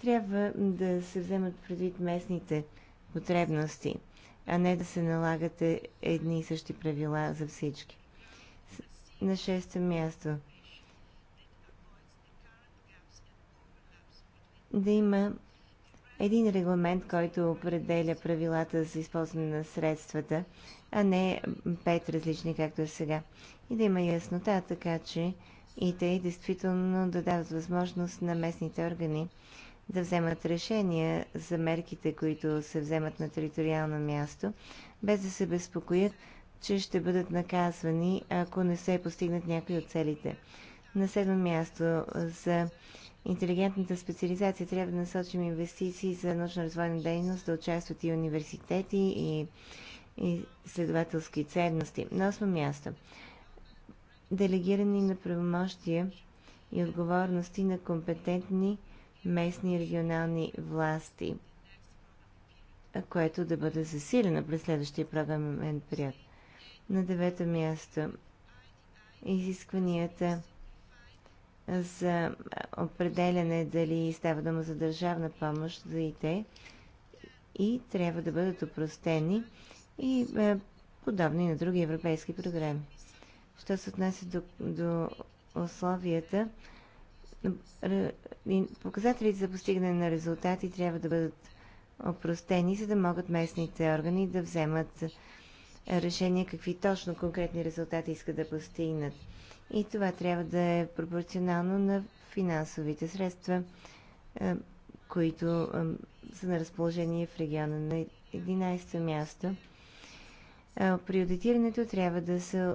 Трябва да се вземат предвид местните потребности, а не да се налагат е, едни и същи правила за всички. На шесто място да има един регламент, който определя правилата за използване на средствата, а не пет различни, както е сега. И да има яснота, така че и те действително да дават възможност на местните органи да вземат решения за мерките, които се вземат на териториално място, без да се безпокоят, че ще бъдат наказвани, ако не се постигнат някои от целите. На седмо място за интелигентната специализация трябва да насочим инвестиции за научно-развойна дейност, да участват и университети и, изследователски следователски ценности. На осмо място. Делегирани на правомощия и отговорности на компетентни местни и регионални власти, което да бъде засилено през следващия програмен период. На девето място изискванията за определяне дали става дума за държавна помощ за дете и трябва да бъдат опростени и е, подобни на други европейски програми. Що се отнася до, до условията, показателите за постигане на резултати трябва да бъдат опростени, за да могат местните органи да вземат решение какви точно конкретни резултати искат да постигнат и това трябва да е пропорционално на финансовите средства, е, които е, са на разположение в региона на 11-то място. Е, Приоритирането трябва да се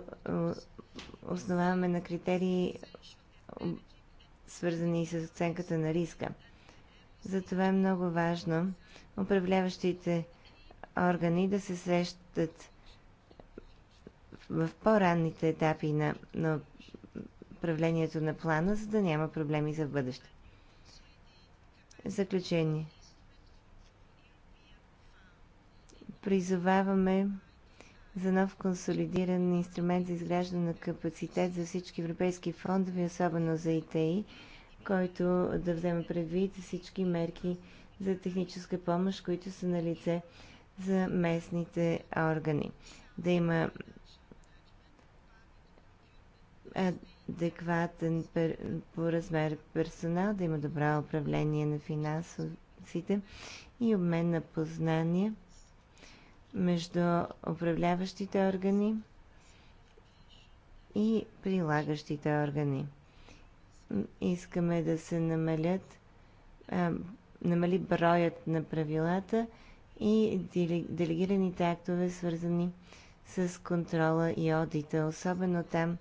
основаваме на критерии, свързани с оценката на риска. Затова е много важно управляващите органи да се срещат в по-ранните етапи на, на управлението на плана, за да няма проблеми за бъдеще. Заключение. Призоваваме за нов консолидиран инструмент за изграждане на капацитет за всички европейски фондове, особено за ИТИ, който да вземе предвид всички мерки за техническа помощ, които са на лице за местните органи. Да има адекватен пер, по размер персонал, да има добро управление на финансовите и обмен на познания между управляващите органи и прилагащите органи. Искаме да се намалят, а, намали броят на правилата и делегираните актове, свързани с контрола и одита, особено там,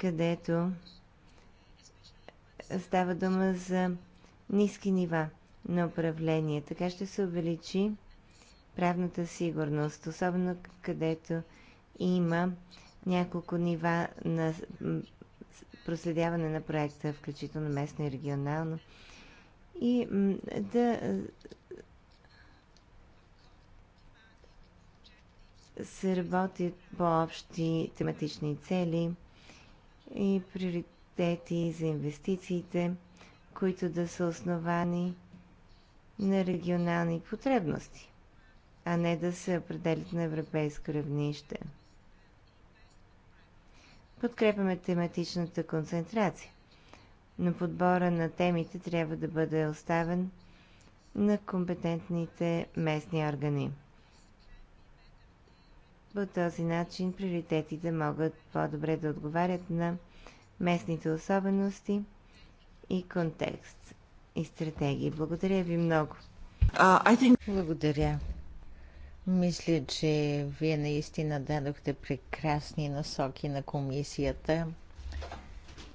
където става дума за ниски нива на управление. Така ще се увеличи правната сигурност, особено където има няколко нива на проследяване на проекта, включително местно и регионално. И да се работят по общи тематични цели – и приоритети за инвестициите, които да са основани на регионални потребности, а не да се определят на европейско равнище. Подкрепяме тематичната концентрация, но подбора на темите трябва да бъде оставен на компетентните местни органи. По този начин приоритетите могат по-добре да отговарят на местните особености и контекст и стратегии. Благодаря ви много. Uh, think... Благодаря. Мисля, че вие наистина дадохте прекрасни насоки на комисията.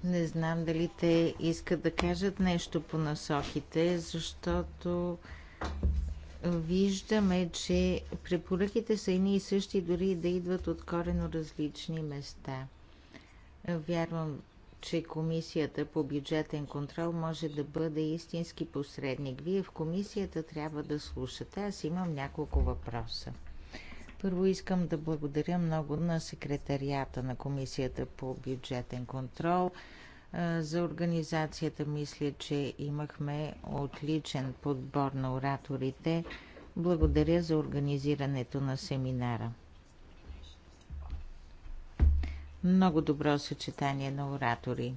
Не знам дали те искат да кажат нещо по насоките, защото виждаме, че препоръките са едни и същи, дори да идват от корено различни места. Вярвам, че комисията по бюджетен контрол може да бъде истински посредник. Вие в комисията трябва да слушате. Аз имам няколко въпроса. Първо искам да благодаря много на секретарията на комисията по бюджетен контрол – за организацията мисля, че имахме отличен подбор на ораторите. Благодаря за организирането на семинара. Много добро съчетание на оратори.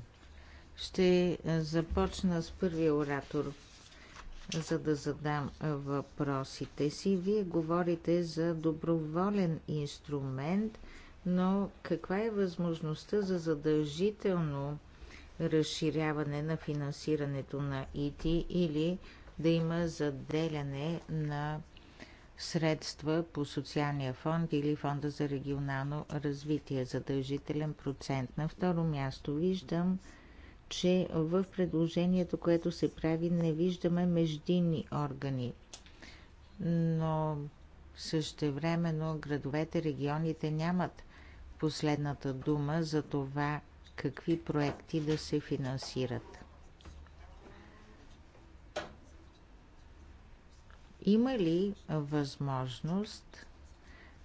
Ще започна с първия оратор, за да задам въпросите си. Вие говорите за доброволен инструмент, но каква е възможността за задължително разширяване на финансирането на ИТИ или да има заделяне на средства по социалния фонд или фонда за регионално развитие, задължителен процент. На второ място виждам, че в предложението, което се прави, не виждаме междинни органи. Но същевременно градовете, регионите нямат последната дума за това какви проекти да се финансират. Има ли възможност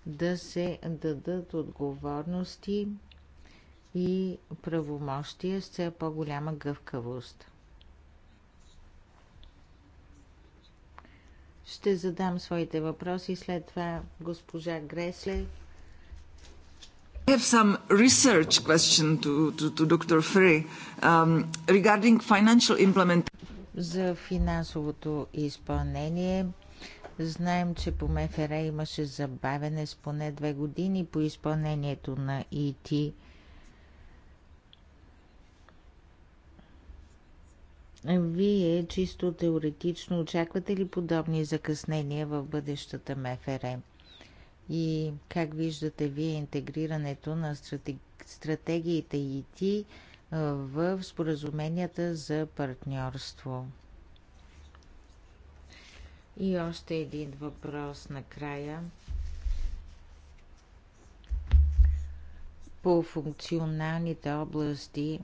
да се дадат отговорности и правомощия с цел по-голяма гъвкавост? Ще задам своите въпроси след това госпожа Гресле I have some research question to, to, to Dr. Frey um, regarding financial implementation. За финансовото изпълнение знаем, че по МФР имаше забавене с поне две години по изпълнението на ИТ. Вие чисто теоретично очаквате ли подобни закъснения в бъдещата МФРМ? и как виждате вие интегрирането на стратегиите IT в споразуменията за партньорство. И още един въпрос накрая. По функционалните области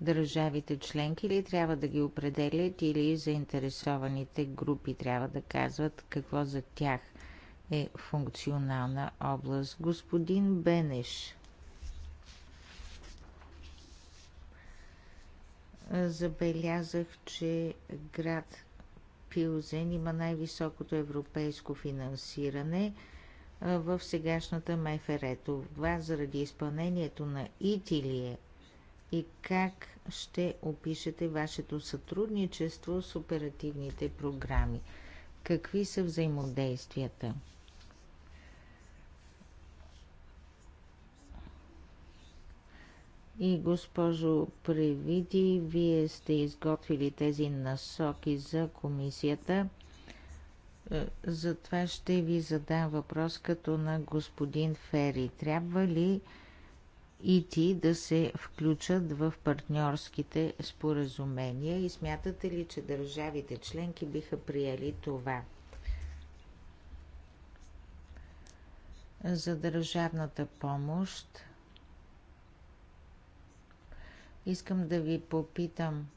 държавите членки ли трябва да ги определят или заинтересованите групи трябва да казват какво за тях е функционална област. Господин Бенеш, забелязах, че град Пилзен има най-високото европейско финансиране в сегашната МФР. Това заради изпълнението на Итилие и как ще опишете вашето сътрудничество с оперативните програми? Какви са взаимодействията? И госпожо Превиди, вие сте изготвили тези насоки за комисията. Е, затова ще ви задам въпрос като на господин Фери. Трябва ли и ти да се включат в партньорските споразумения и смятате ли, че държавите членки биха приели това? За държавната помощ Искам да ви попитам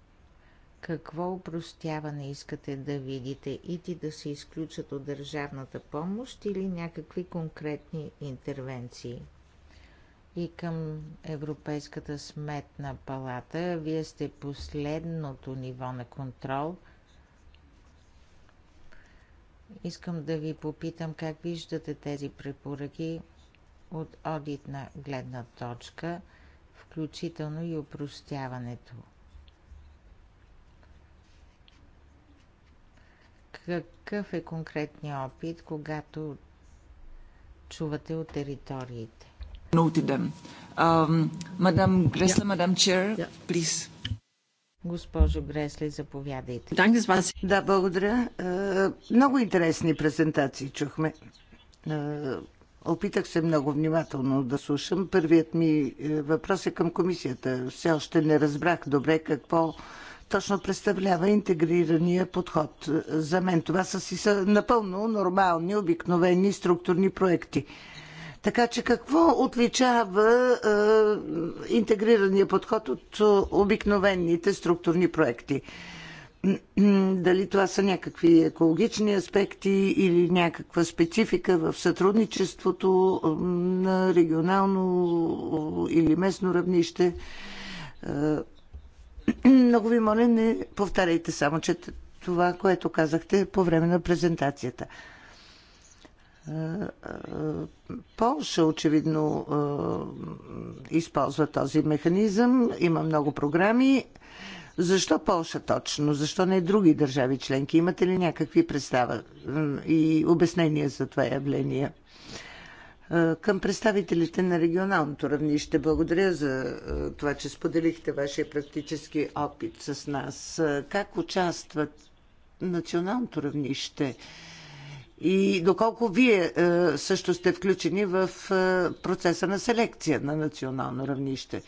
какво упростяване искате да видите и ти да се изключат от държавната помощ или някакви конкретни интервенции? И към Европейската сметна палата, вие сте последното ниво на контрол. Искам да ви попитам как виждате тези препоръки от одитна гледна точка – включително и опростяването. Какъв е конкретният опит, когато чувате от териториите? Um, мадам Гресле, yeah. мадам Чер, Госпожо Гресли, заповядайте. Да, благодаря. Е, много интересни презентации чухме. Е, Опитах се много внимателно да слушам. Първият ми е, въпрос е към комисията. Все още не разбрах добре какво точно представлява интегрирания подход. За мен това са си са напълно нормални, обикновени структурни проекти. Така че какво отличава е, интегрирания подход от е, обикновените структурни проекти? дали това са някакви екологични аспекти или някаква специфика в сътрудничеството на регионално или местно равнище. Е, много ви моля, не повтаряйте само, че това, което казахте е по време на презентацията. Е, Полша очевидно използва този механизъм. Има много програми. Защо Полша точно? Защо не други държави членки? Имате ли някакви представа и обяснения за това явление? Е, към представителите на регионалното равнище благодаря за е, това, че споделихте вашия практически опит с нас. Е, как участват националното равнище? И доколко вие също сте включени в процеса на селекция на национално равнище?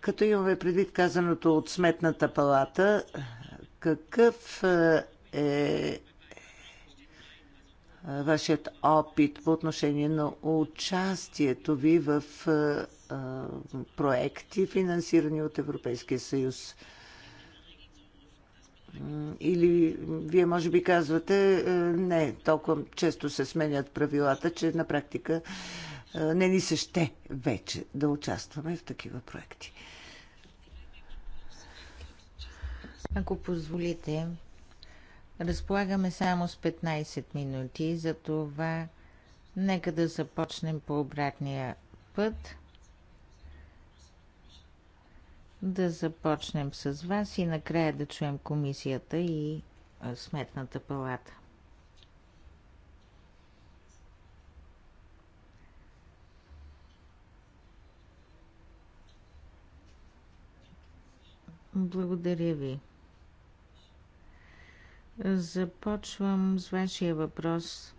Като имаме предвид казаното от Сметната палата, какъв е вашият опит по отношение на участието ви в проекти, финансирани от Европейския съюз? Или вие може би казвате, не, толкова често се сменят правилата, че на практика е, не ни се ще вече да участваме в такива проекти. Ако позволите, разполагаме само с 15 минути, затова нека да започнем по обратния път. Да започнем с вас и накрая да чуем комисията и Сметната палата. Благодаря ви. Започвам с вашия въпрос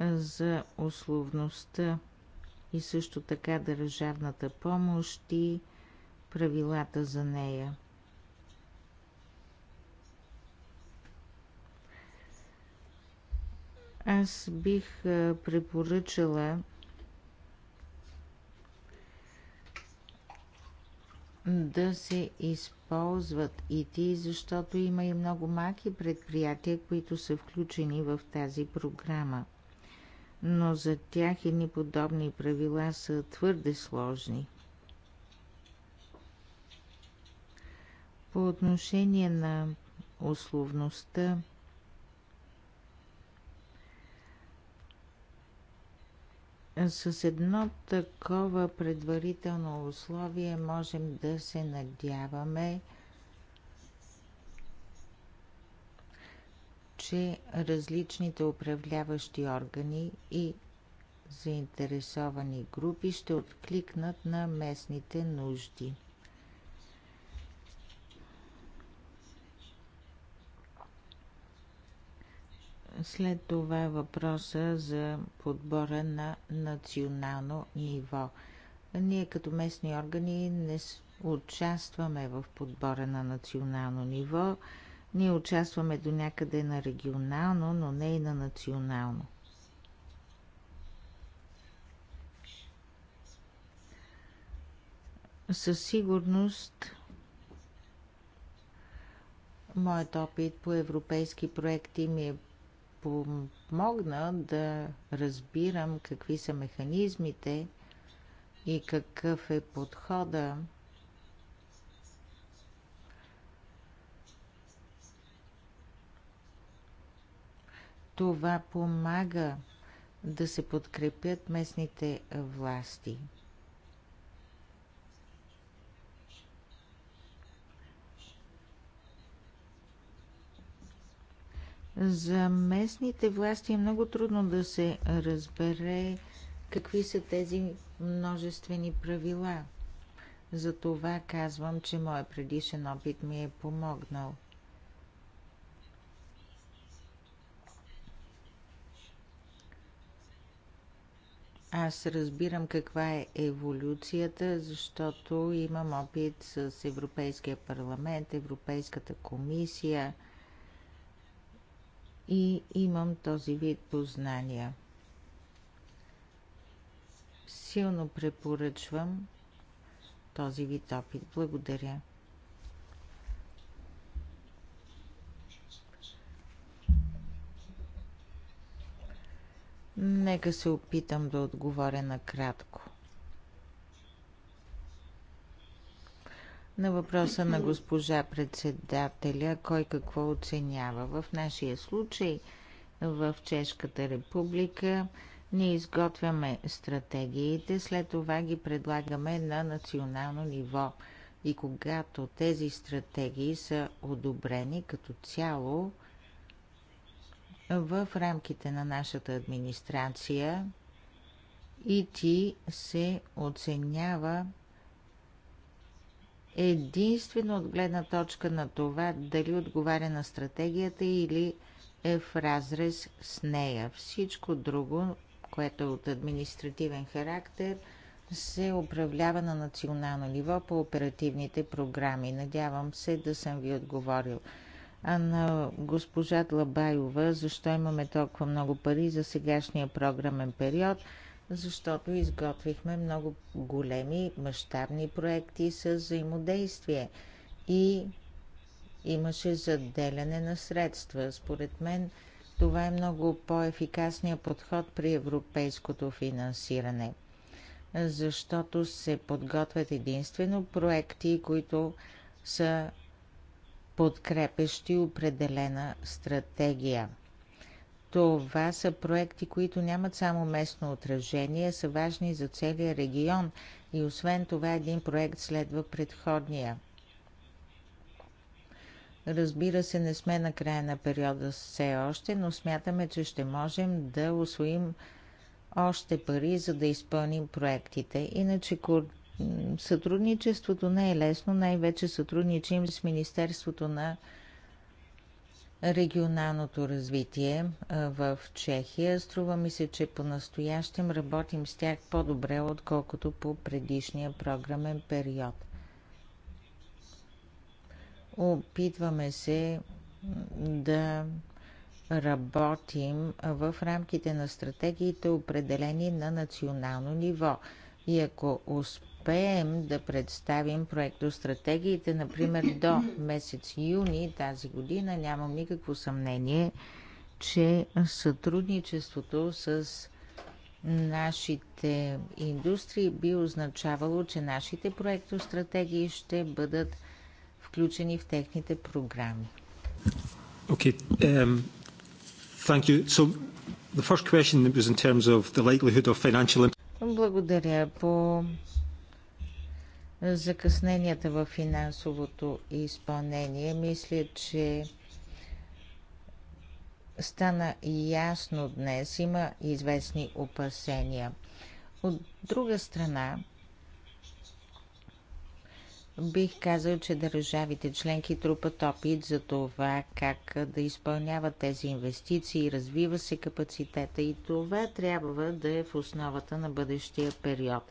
за условността и също така държавната помощ и правилата за нея. Аз бих препоръчала да се използват и ти, защото има и много малки предприятия, които са включени в тази програма. Но за тях едни подобни правила са твърде сложни. По отношение на условността, С едно такова предварително условие можем да се надяваме, че различните управляващи органи и заинтересовани групи ще откликнат на местните нужди. След това въпроса за подбора на национално ниво. Ние като местни органи не участваме в подбора на национално ниво. Ние участваме до някъде на регионално, но не и на национално. Със сигурност моят опит по европейски проекти ми е помогна да разбирам какви са механизмите и какъв е подхода Това помага да се подкрепят местните власти За местните власти е много трудно да се разбере какви са тези множествени правила. Затова казвам, че моят предишен опит ми е помогнал. Аз разбирам каква е еволюцията, защото имам опит с Европейския парламент, Европейската комисия – и имам този вид познания. Силно препоръчвам този вид опит. Благодаря. Нека се опитам да отговоря накратко. На въпроса на госпожа председателя, кой какво оценява. В нашия случай в Чешката република ние изготвяме стратегиите, след това ги предлагаме на национално ниво. И когато тези стратегии са одобрени като цяло, в рамките на нашата администрация и ти се оценява единствено от гледна точка на това дали отговаря на стратегията или е в разрез с нея. Всичко друго, което е от административен характер, се управлява на национално ниво по оперативните програми. Надявам се да съм ви отговорил. А на госпожа Тлабаева, защо имаме толкова много пари за сегашния програмен период – защото изготвихме много големи, мащабни проекти с взаимодействие и имаше заделяне на средства. Според мен това е много по-ефикасният подход при европейското финансиране, защото се подготвят единствено проекти, които са подкрепещи определена стратегия – това са проекти, които нямат само местно отражение, са важни за целия регион и освен това един проект следва предходния. Разбира се, не сме на края на периода все още, но смятаме, че ще можем да освоим още пари, за да изпълним проектите. Иначе сътрудничеството не е лесно, най-вече сътрудничим с Министерството на регионалното развитие в Чехия. Струва ми се, че по-настоящем работим с тях по-добре, отколкото по предишния програмен период. Опитваме се да работим в рамките на стратегиите, определени на национално ниво. И ако успеем, успеем да представим проектостратегиите, например, до месец юни тази година, нямам никакво съмнение, че сътрудничеството с нашите индустрии би означавало, че нашите проектостратегии ще бъдат включени в техните програми. Okay. Um, thank you. So the first question was in terms of the likelihood of financial Благодаря по закъсненията в финансовото изпълнение. Мисля, че стана ясно днес. Има известни опасения. От друга страна, бих казал, че държавите членки трупат опит за това как да изпълняват тези инвестиции, развива се капацитета и това трябва да е в основата на бъдещия период.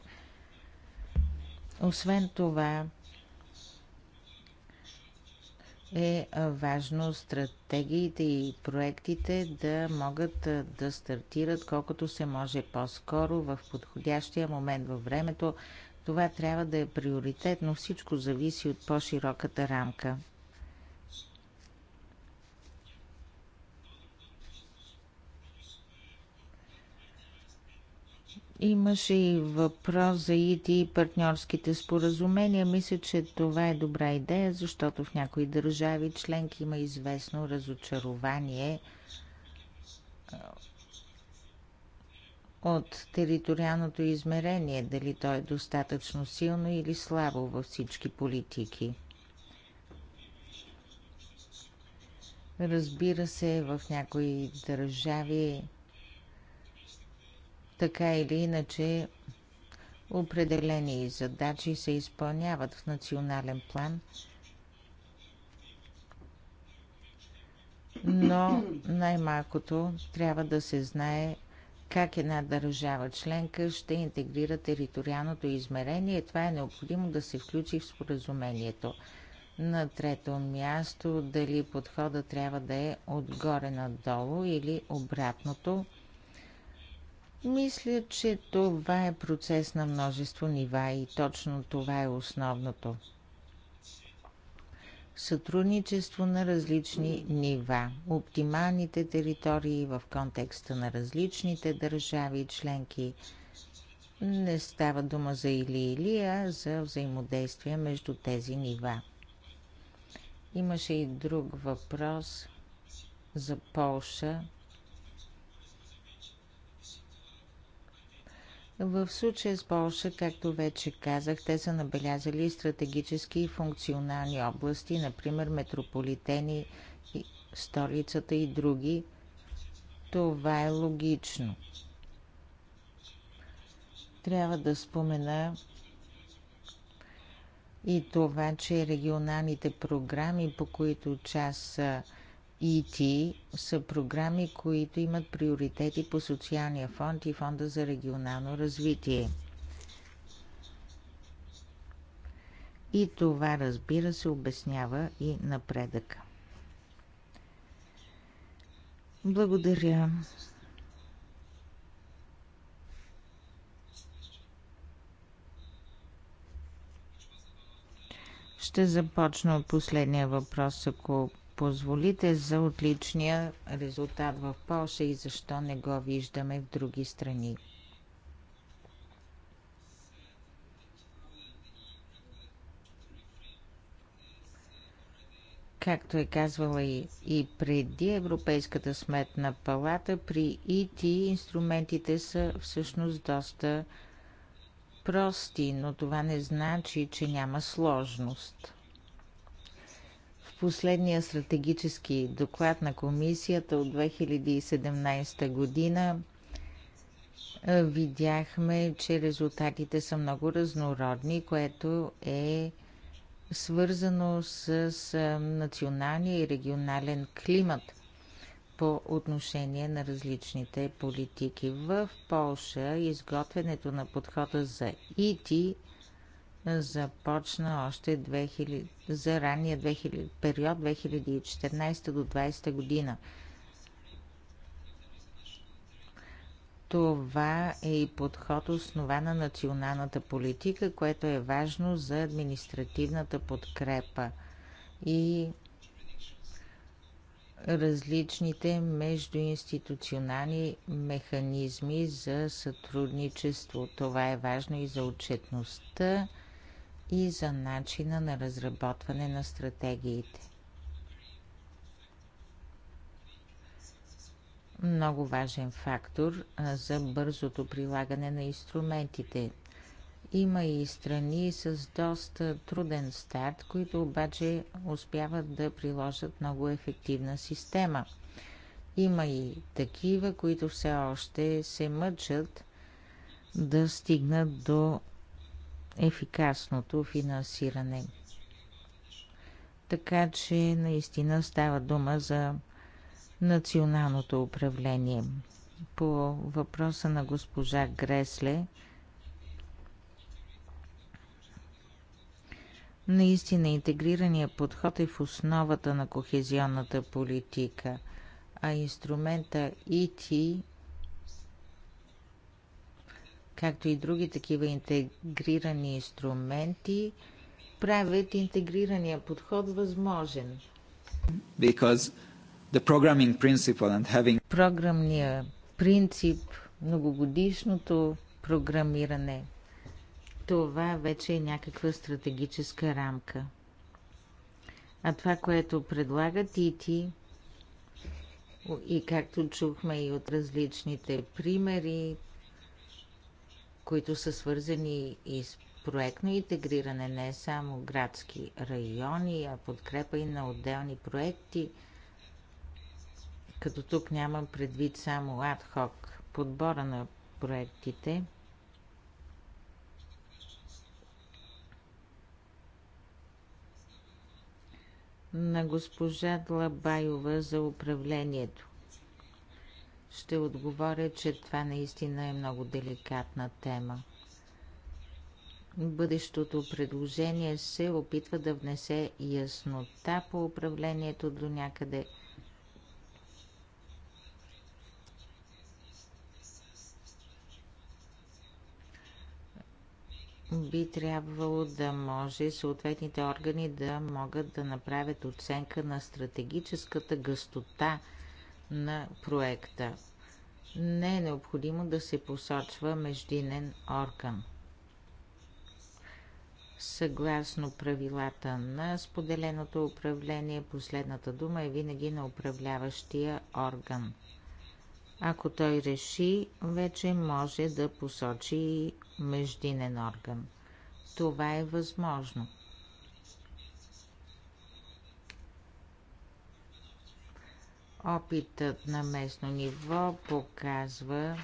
Освен това е важно стратегиите и проектите да могат да стартират колкото се може по-скоро в подходящия момент във времето. Това трябва да е приоритет, но всичко зависи от по-широката рамка. Имаше и въпрос за ИТ и партньорските споразумения. Мисля, че това е добра идея, защото в някои държави членки има известно разочарование от териториалното измерение, дали то е достатъчно силно или слабо във всички политики. Разбира се, в някои държави така или иначе, определени задачи се изпълняват в национален план, но най-малкото трябва да се знае как една държава членка ще интегрира териториалното измерение. Това е необходимо да се включи в споразумението. На трето място, дали подхода трябва да е отгоре надолу или обратното. Мисля, че това е процес на множество нива и точно това е основното. Сътрудничество на различни нива, оптималните територии в контекста на различните държави и членки. Не става дума за или-или, а за взаимодействие между тези нива. Имаше и друг въпрос за Полша. В случая с Полша, както вече казах, те са набелязали стратегически и функционални области, например метрополитени, столицата и други. Това е логично. Трябва да спомена и това, че регионалните програми, по които част са ET са програми, които имат приоритети по социалния фонд и фонда за регионално развитие. И това, разбира се, обяснява и напредъка. Благодаря. Ще започна от последния въпрос, ако позволите за отличния резултат в Польша и защо не го виждаме в други страни. Както е казвала и, и преди Европейската сметна палата, при ИТ инструментите са всъщност доста прости, но това не значи, че няма сложност последния стратегически доклад на комисията от 2017 година е, видяхме, че резултатите са много разнородни, което е свързано с е, националния и регионален климат по отношение на различните политики. В Полша изготвянето на подхода за ИТИ започна още 2000, за ранния 2000, период 2014 до 2020 година. Това е и подход основа на националната политика, което е важно за административната подкрепа и различните междуинституционални механизми за сътрудничество. Това е важно и за отчетността, и за начина на разработване на стратегиите. Много важен фактор за бързото прилагане на инструментите. Има и страни с доста труден старт, които обаче успяват да приложат много ефективна система. Има и такива, които все още се мъчат да стигнат до ефикасното финансиране. Така че наистина става дума за националното управление. По въпроса на госпожа Гресле, наистина интегрирания подход е в основата на кохезионната политика, а инструмента ИТИ както и други такива интегрирани инструменти, правят интегрирания подход възможен. Having... Програмния принцип, многогодишното програмиране, това вече е някаква стратегическа рамка. А това, което предлагат и ти, и както чухме и от различните примери, които са свързани и с проектно интегриране, не само градски райони, а подкрепа и на отделни проекти, като тук нямам предвид само адхок, подбора на проектите. На госпожа Длабайова за управлението ще отговоря, че това наистина е много деликатна тема. Бъдещото предложение се опитва да внесе яснота по управлението до някъде. Би трябвало да може съответните органи да могат да направят оценка на стратегическата гъстота – на проекта. Не е необходимо да се посочва междинен орган. Съгласно правилата на споделеното управление, последната дума е винаги на управляващия орган. Ако той реши, вече може да посочи междинен орган. Това е възможно. Опитът на местно ниво показва,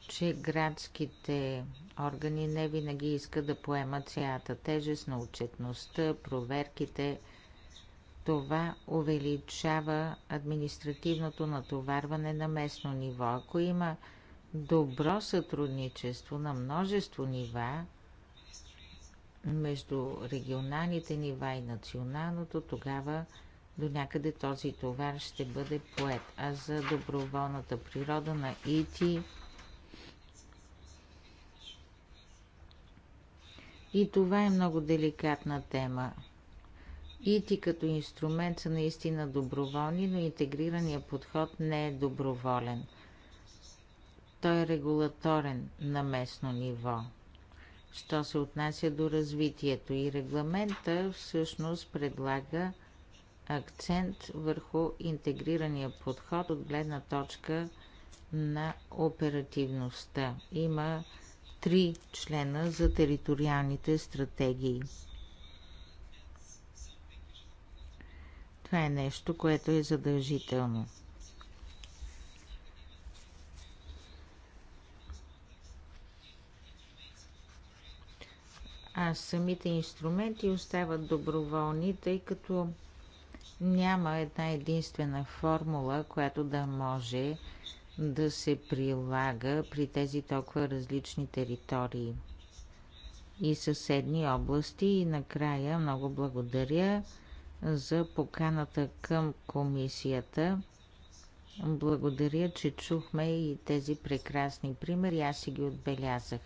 че градските органи не винаги искат да поемат цялата тежест на отчетността, проверките. Това увеличава административното натоварване на местно ниво. Ако има добро сътрудничество на множество нива, между регионалните нива и националното, тогава до някъде този товар ще бъде поет. А за доброволната природа на ИТИ и това е много деликатна тема. ИТИ като инструмент са наистина доброволни, но интегрираният подход не е доброволен. Той е регулаторен на местно ниво. Що се отнася до развитието и регламента всъщност предлага акцент върху интегрирания подход от гледна точка на оперативността. Има три члена за териториалните стратегии. Това е нещо, което е задължително. А самите инструменти остават доброволни, тъй като няма една единствена формула, която да може да се прилага при тези толкова различни територии и съседни области. И накрая много благодаря за поканата към комисията. Благодаря, че чухме и тези прекрасни примери. Аз си ги отбелязах.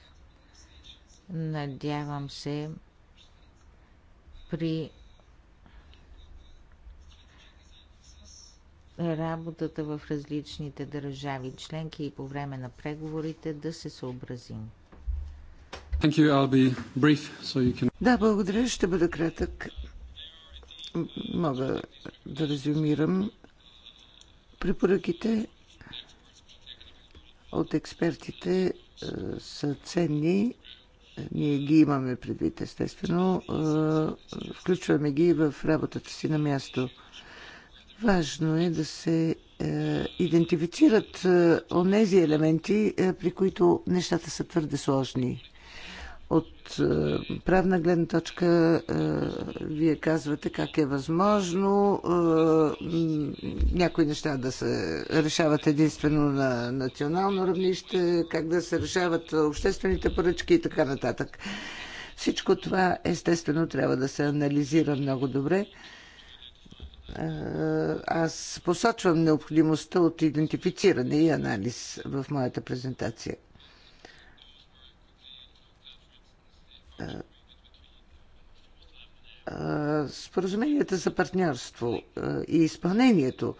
Надявам се при работата в различните държави членки и по време на преговорите да се съобразим. Brief, so can... Да, благодаря. Ще бъда кратък. Мога да резюмирам препоръките от експертите е, са ценни. Ние ги имаме предвид, естествено. Е, включваме ги в работата си на място. Важно е да се е, идентифицират е, онези елементи, е, при които нещата са твърде сложни. От е, правна гледна точка, е, вие казвате как е възможно е, някои неща да се решават единствено на национално равнище, как да се решават обществените поръчки и така нататък. Всичко това, естествено, трябва да се анализира много добре. Е, аз посочвам необходимостта от идентифициране и анализ в моята презентация. Е, е, споразуменията за партньорство и изпълнението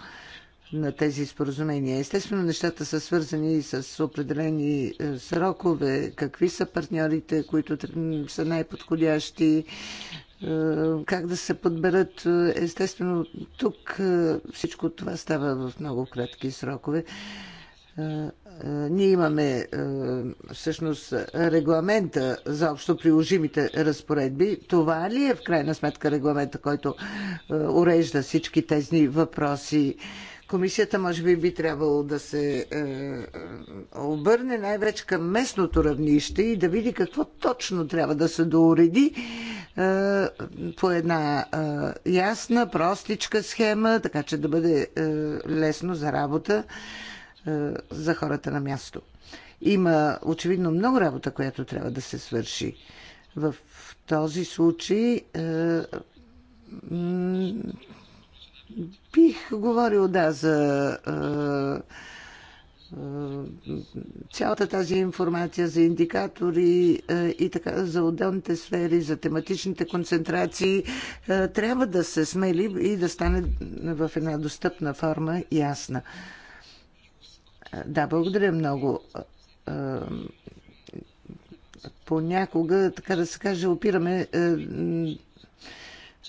на тези споразумения. Естествено, нещата са свързани и с определени срокове, какви са партньорите, които са най-подходящи, е, как да се подберат. Е, естествено, тук е, всичко това става в много кратки срокове. Ние имаме всъщност регламента за общо приложимите разпоредби. Това ли е в крайна сметка регламента, който урежда всички тези въпроси? Комисията може би би трябвало да се е, е, обърне най-вече към местното равнище и да види какво точно трябва да се доуреди е, по една е, ясна, простичка схема, така че да бъде е, лесно за работа е, за хората на място. Има очевидно много работа, която трябва да се свърши. В този случай. Е, бих говорил, да, за цялата тази информация за индикатори и така за отделните сфери, за тематичните концентрации, трябва да се смели и да стане в една достъпна форма ясна. Да, благодаря много. Понякога, така да се каже, опираме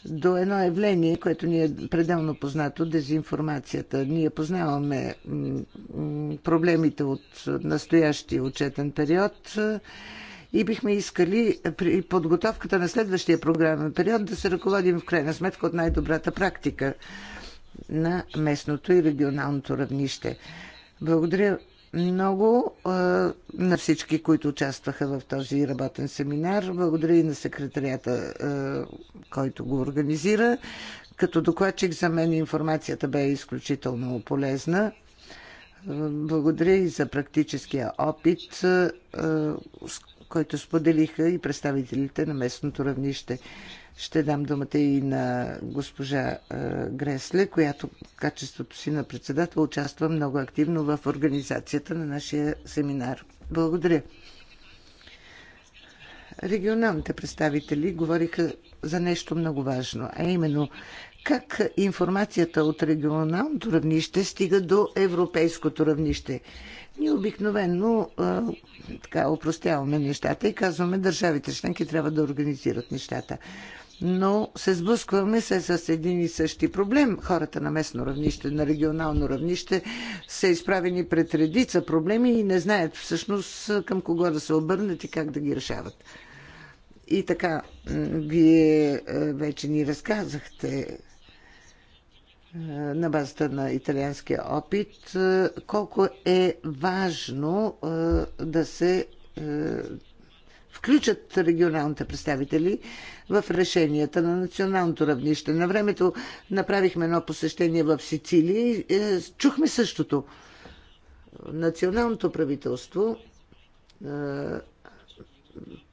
до едно явление, което ни е пределно познато дезинформацията. Ние познаваме проблемите от настоящия отчетен период е, и бихме искали при подготовката на следващия програмен период да се ръководим в крайна сметка от най-добрата практика на местното и регионалното равнище. Благодаря много на всички, които участваха в този работен семинар. Благодаря и на секретарията, който го организира. Като докладчик за мен информацията бе изключително полезна. Благодаря и за практическия опит, който споделиха и представителите на местното равнище. Ще дам думата и на госпожа е, Гресле, която в качеството си на председател участва много активно в организацията на нашия семинар. Благодаря. Регионалните представители говориха за нещо много важно, а именно как информацията от регионалното равнище стига до европейското равнище. Ние обикновено а, е, така упростяваме нещата и казваме държавите членки трябва да организират нещата но се сблъскваме се с един и същи проблем. Хората на местно равнище, на регионално равнище са изправени пред редица проблеми и не знаят всъщност към кого да се обърнат и как да ги решават. И така, вие е, вече ни разказахте е, на базата на италианския опит, е, колко е важно да се включат регионалните представители в решенията на националното равнище. На времето направихме едно посещение в Сицилия и е, чухме същото. Националното правителство е,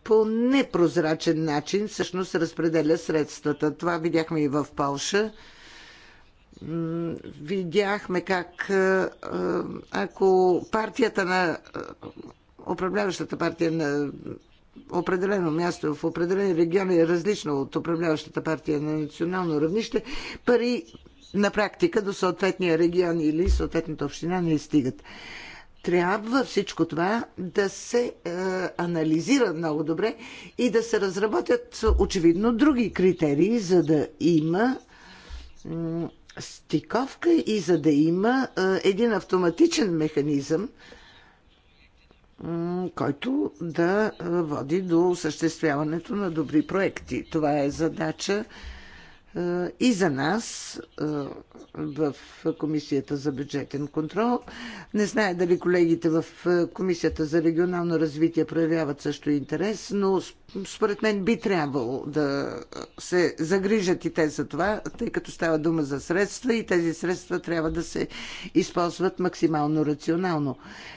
по непрозрачен начин всъщност разпределя средствата. Това видяхме и в Полша. Видяхме как е, ако партията на управляващата партия на определено място, в определен регион е различно от управляващата партия на национално равнище, пари на практика до съответния регион или съответната община не стигат. Трябва всичко това да се е, анализира много добре и да се разработят очевидно други критерии, за да има стиковка и за да има е, един автоматичен механизъм, който да води до осъществяването на добри проекти. Това е задача е, и за нас е, в Комисията за бюджетен контрол. Не зная дали колегите в е, Комисията за регионално развитие проявяват също интерес, но според мен би трябвало да се загрижат и те за това, тъй като става дума за средства и тези средства трябва да се използват максимално рационално.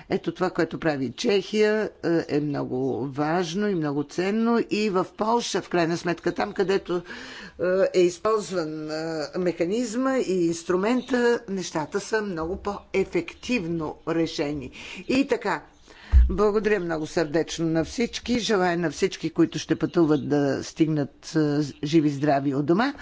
Ето това, което прави Чехия е много важно и много ценно и в Полша, в крайна сметка, там където е използвано използван механизма и инструмента, нещата са много по-ефективно решени. И така, благодаря много сърдечно на всички. Желая на всички, които ще пътуват да стигнат живи-здрави от дома.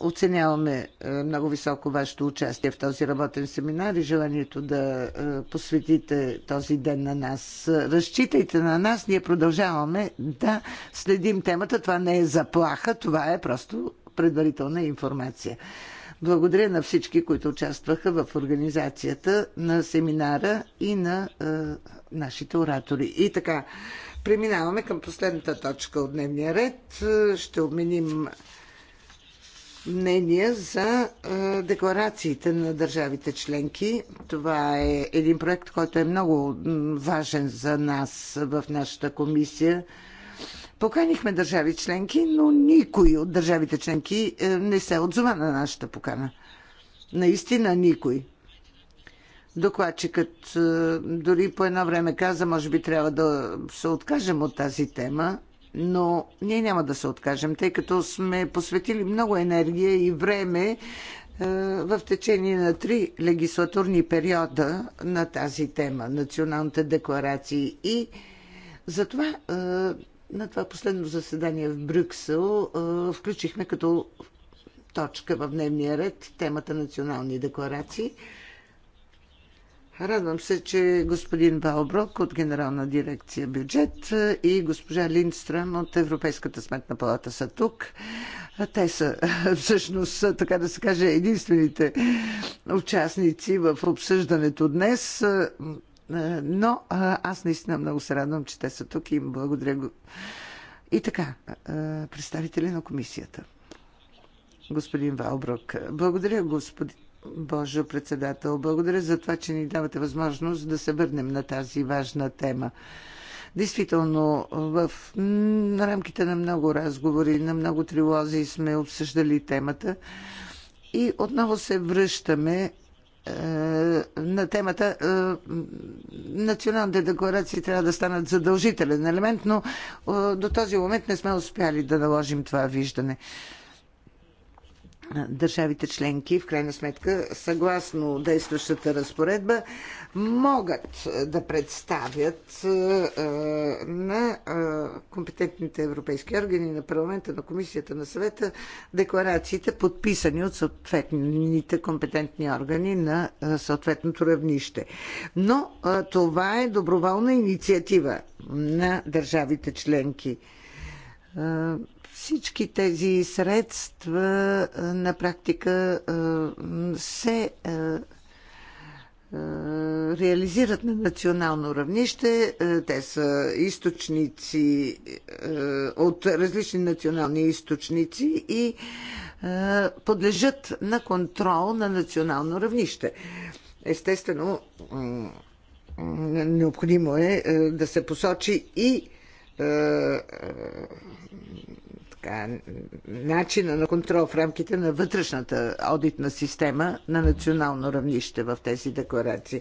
Оценяваме е, много високо вашето участие в този работен семинар и желанието да е, посветите този ден на нас. Разчитайте на нас, ние продължаваме да следим темата. Това не е заплаха, това е просто предварителна информация. Благодаря на всички, които участваха в организацията на семинара и на е, нашите оратори. И така, преминаваме към последната точка от дневния ред. Е, ще обменим мнения за декларациите на държавите членки. Това е един проект, който е много важен за нас в нашата комисия. Поканихме държави членки, но никой от държавите членки е, не се отзова на нашата покана. Наистина никой. Докладчикът е, дори по едно време каза, може би трябва да се откажем от тази тема, но ние няма да се откажем, тъй като сме посветили много енергия и време е, в течение на три легислатурни периода на тази тема националните декларации. И затова е, на това последно заседание в Брюксел е, включихме като точка в дневния ред темата национални декларации – Радвам се, че господин Валброк от Генерална дирекция бюджет и госпожа Линдстрам от Европейската сметна палата са тук. Те са всъщност, така да се каже, единствените участници в обсъждането днес. Но аз наистина много се радвам, че те са тук и им благодаря. Го. И така, представители на комисията. Господин Валброк, благодаря господин Божо председател. Благодаря за това, че ни давате възможност да се върнем на тази важна тема. Действително, в рамките на много разговори, на много трилози сме обсъждали темата и отново се връщаме е, на темата е, националните декларации трябва да станат задължителен елемент, но е, до този момент не сме успяли да наложим това виждане държавите членки, в крайна сметка, съгласно действащата разпоредба, могат е, да представят е, е, на компетентните европейски органи, на парламента, на комисията, на съвета, декларациите, подписани от съответните компетентни органи на съответното равнище. Но това е доброволна инициатива на държавите членки всички тези средства на практика се реализират на национално равнище. Те са източници от различни национални източници и подлежат на контрол на национално равнище. Естествено, необходимо е да се посочи и така, начина на контрол в рамките на вътрешната одитна система на национално равнище в тези декларации.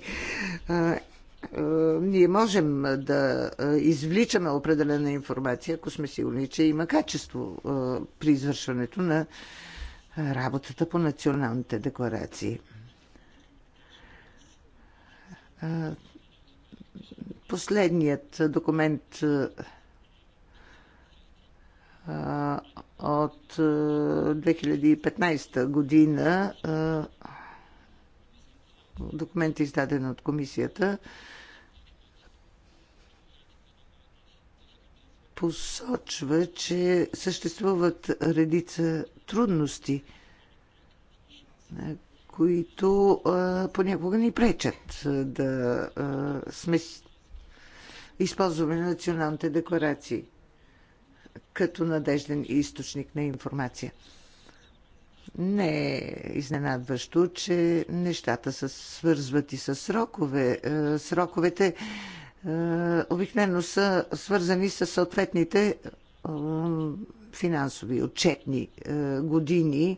Ние можем да извличаме определена информация, ако сме сигурни, че има качество при извършването на работата по националните декларации. Последният документ от 2015 година документ издадени издаден от комисията посочва, че съществуват редица трудности, които понякога ни пречат да сме използваме националните декларации – като надежден източник на информация. Не е изненадващо, че нещата се свързват и с срокове. Е, сроковете е, обикновено са свързани с съответните е, финансови отчетни е, години, е,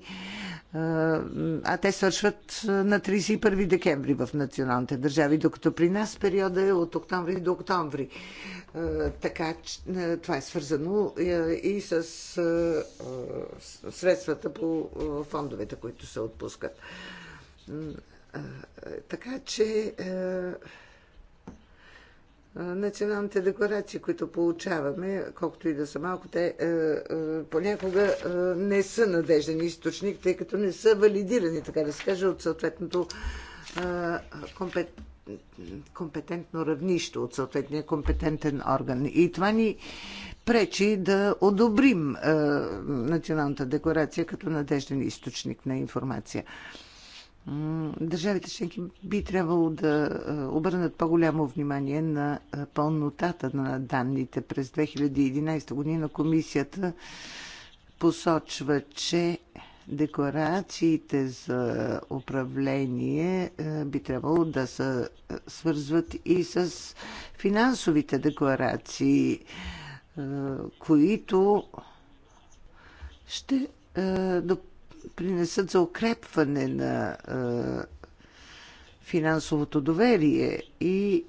а те свършват на 31 декември в националните държави, докато при нас периода е от октомври до октомври. Е, така това е свързано и с средствата по фондовете, които се отпускат. Така че националните декларации, които получаваме, колкото и да са малко, те е, е, понякога е, не са надежден източник, тъй като не са валидирани, така да се каже, от съответното е, компет... компетентно равнище, от съответния компетентен орган. И това ни пречи да одобрим е, националната декларация като надежден източник на информация държавите членки би трябвало да обърнат по-голямо внимание на пълнотата на данните. През 2011 година комисията посочва, че декларациите за управление би трябвало да се свързват и с финансовите декларации, които ще принесат за укрепване на финансовото доверие и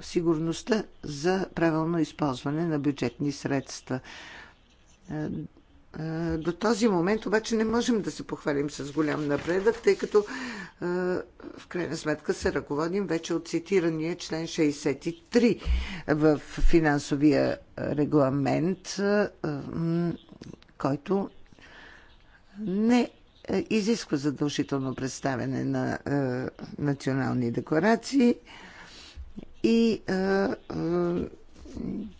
сигурността за правилно използване на бюджетни средства. До този момент обаче не можем да се похвалим с голям напредък, тъй като в крайна сметка се ръководим вече от цитирания член 63 в финансовия регламент, който не е, изисква задължително представяне на е, национални декларации и е, е,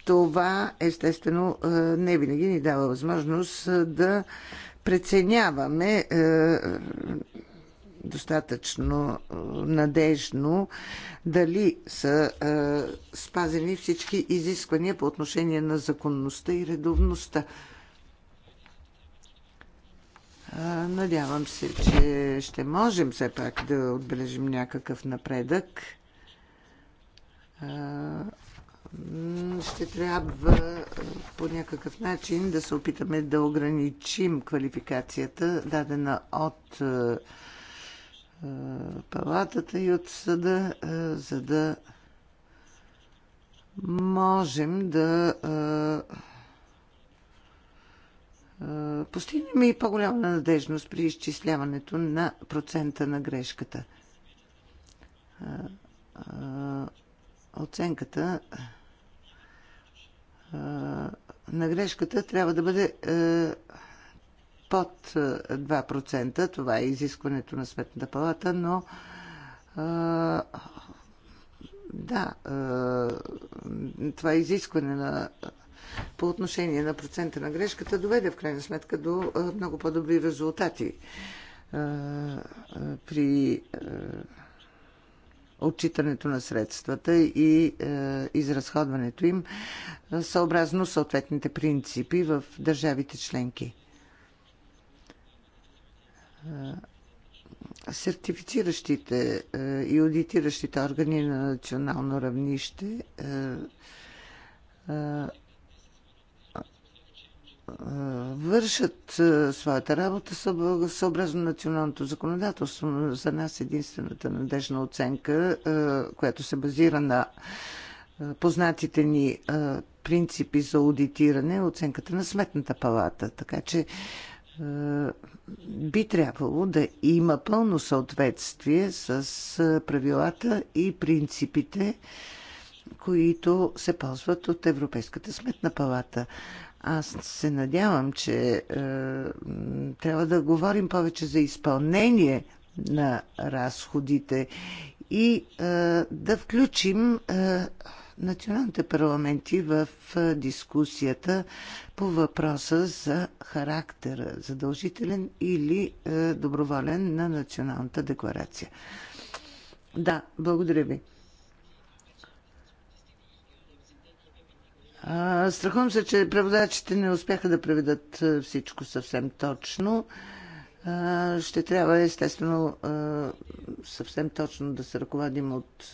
това естествено е, не винаги ни дава възможност е, да преценяваме е, достатъчно е, надежно дали са е, спазени всички изисквания по отношение на законността и редовността Надявам се, че ще можем все пак да отбележим някакъв напредък. Ще трябва по някакъв начин да се опитаме да ограничим квалификацията, дадена от палатата и от съда, за да можем да постигнем и по-голяма надежност при изчисляването на процента на грешката. Оценката на грешката трябва да бъде под 2%. Това е изискването на Сметната палата, но да, това е изискване на по отношение на процента на грешката доведе в крайна сметка до много по-добри резултати при отчитането на средствата и изразходването им съобразно съответните принципи в държавите членки сертифициращите и аудитиращите органи на национално равнище вършат своята работа съобразно националното законодателство. За нас единствената надежна оценка, която се базира на познатите ни принципи за аудитиране, е оценката на Сметната палата. Така че би трябвало да има пълно съответствие с правилата и принципите, които се ползват от Европейската сметна палата. Аз се надявам, че е, трябва да говорим повече за изпълнение на разходите и е, да включим е, националните парламенти в е, дискусията по въпроса за характера задължителен или е, доброволен на националната декларация. Да, благодаря ви. А, страхувам се, че преводачите не успяха да преведат всичко съвсем точно. А, ще трябва, естествено, а, съвсем точно да се ръководим от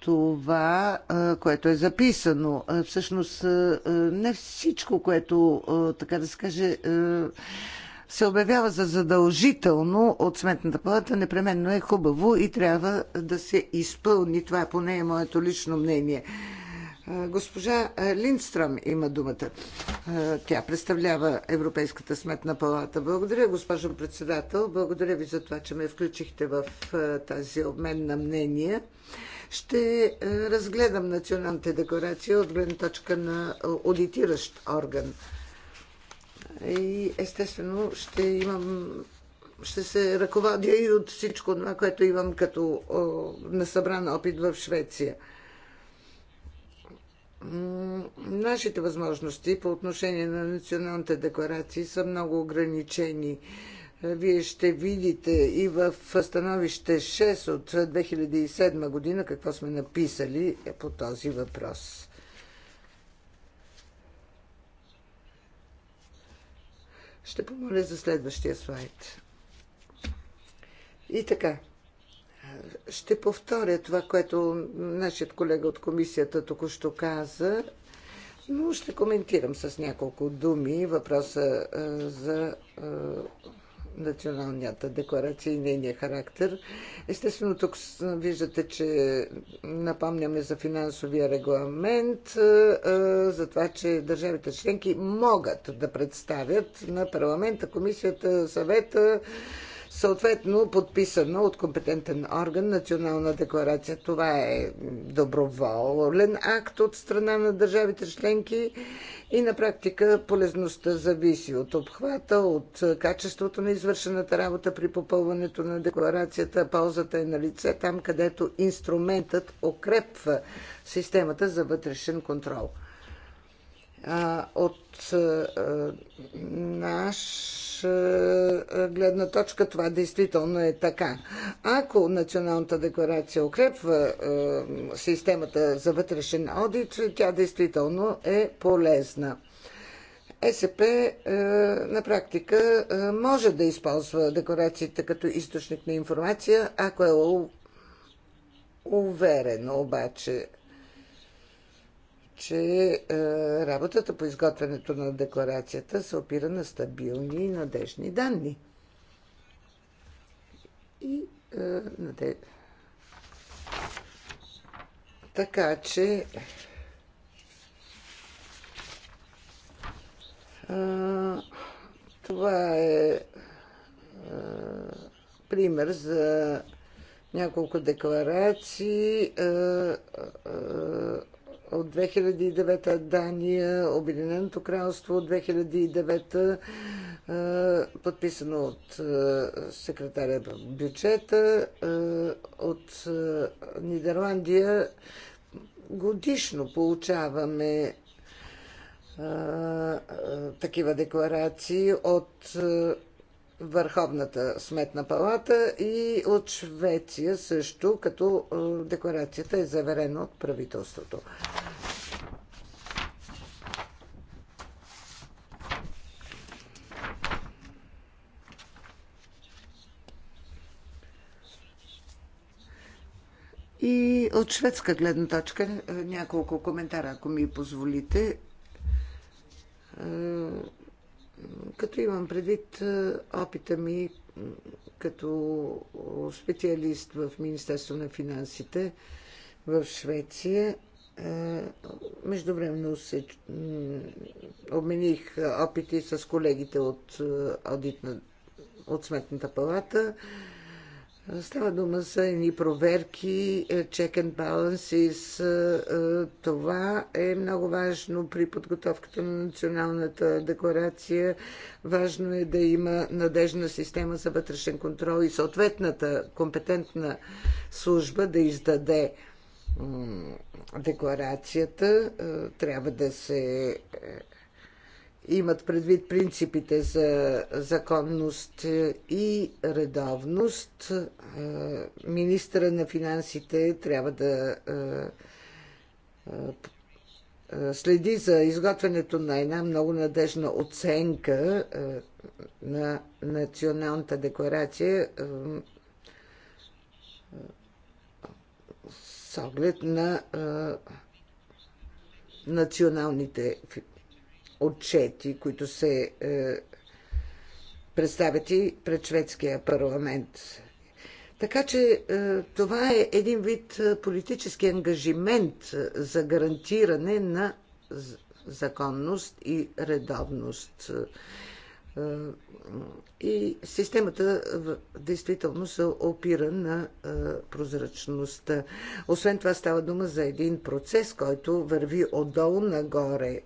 това, което е записано. Всъщност, не всичко, което, така да се каже, се обявява за задължително от Сметната палата, непременно е хубаво и трябва да се изпълни. Това поне е моето лично мнение. Госпожа Линдстрам има думата. Тя представлява Европейската сметна палата. Благодаря, госпожо председател. Благодаря ви за това, че ме включихте в тази обмен на мнения. Ще разгледам националните декларации от гледна точка на аудитиращ орган. И естествено ще имам ще се ръководя и от всичко това, което имам като о, насъбран опит в Швеция. Нашите възможности по отношение на националните декларации са много ограничени. Вие ще видите и в становище 6 от 2007 година какво сме написали по този въпрос. Ще помоля за следващия слайд. И така. Ще повторя това, което нашият колега от комисията току-що каза, но ще коментирам с няколко думи въпроса за националната декларация и нейния характер. Естествено, тук виждате, че напомняме за финансовия регламент, за това, че държавите членки могат да представят на парламента, комисията, съвета, съответно подписано от компетентен орган национална декларация. Това е доброволен акт от страна на държавите членки и на практика полезността зависи от обхвата, от качеството на извършената работа при попълването на декларацията. Ползата е на лице там, където инструментът укрепва системата за вътрешен контрол. От наша гледна точка това действително е така. Ако Националната декларация укрепва системата за вътрешен одит, тя действително е полезна. ЕСП на практика може да използва декларациите като източник на информация, ако е уверено обаче че е, работата по изготвянето на декларацията се опира на стабилни и надежни данни. И е, наде... Така че е, това е пример за няколко декларации от 2009, Дания, Обединеното кралство от 2009, подписано от секретаря бюджета, от Нидерландия годишно получаваме такива декларации от Върховната сметна палата и от Швеция също, като декларацията е заверена от правителството. И от шведска гледна точка е, няколко коментара, ако ми позволите. Е, като имам предвид е, опита ми като специалист в Министерство на финансите в Швеция, Междувременно се обмених опити с колегите от, аудитна, от Сметната палата. Става дума за едни проверки, е, check and balances. Е, е, това е много важно при подготовката на националната декларация. Важно е да има надежна система за вътрешен контрол и съответната компетентна служба да издаде декларацията. Трябва да се имат предвид принципите за законност и редовност. Министра на финансите трябва да следи за изготвянето на една много надежна оценка на националната декларация с оглед на националните отчети, които се е, представят и пред шведския парламент. Така че е, това е един вид е, политически ангажимент за гарантиране на законност и редовност. Е, е, и системата действително се опира на прозрачността. Освен това става дума за един процес, който върви отдолу нагоре.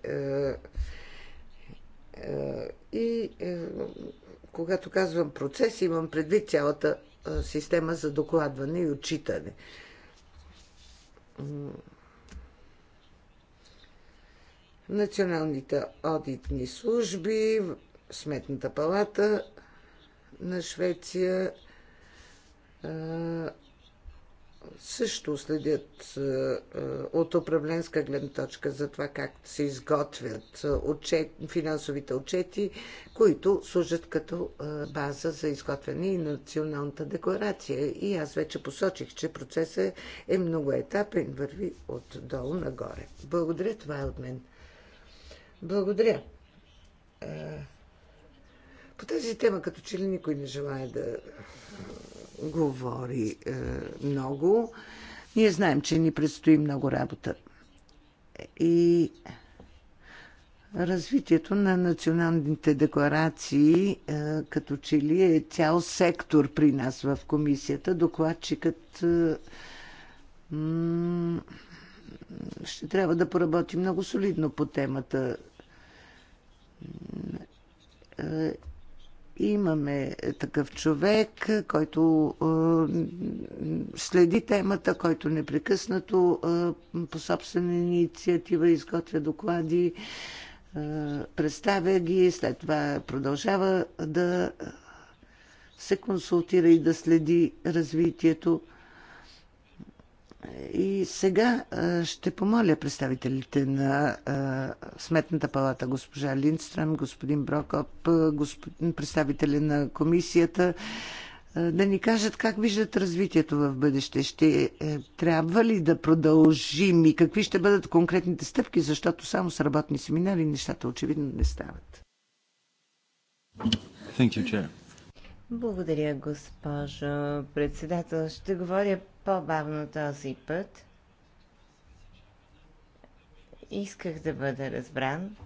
Е, и е, когато казвам процес, имам предвид цялата е, система за докладване и отчитане. Националните одитни служби, Сметната палата на Швеция също следят е, е, от управленска гледна точка за това как се изготвят е, отчет, финансовите отчети, които служат като база за изготвяне и националната декларация. И аз вече посочих, че процесът е многоетапен, върви отдолу нагоре. Благодаря, това е от мен. Благодаря. По тази тема, като че ли никой не желая да говори е, много. Ние знаем, че ни предстои много работа. И развитието на националните декларации е, като че ли е цял сектор при нас в комисията. Докладчикът е, ще трябва да поработи много солидно по темата имаме е, такъв човек, е, който е, следи темата, който непрекъснато по собствена инициатива изготвя доклади, представя ги, след това продължава да се консултира и да следи развитието. И сега ще помоля представителите на Сметната палата, госпожа Линдстрам, господин Брокоп, господин, представителя на комисията, да ни кажат как виждат развитието в бъдеще. Ще е, трябва ли да продължим и какви ще бъдат конкретните стъпки, защото само с работни семинари нещата очевидно не стават. Thank you, Chair. Благодаря, госпожо председател. Ще говоря по-бавно този път. Исках да бъда разбран.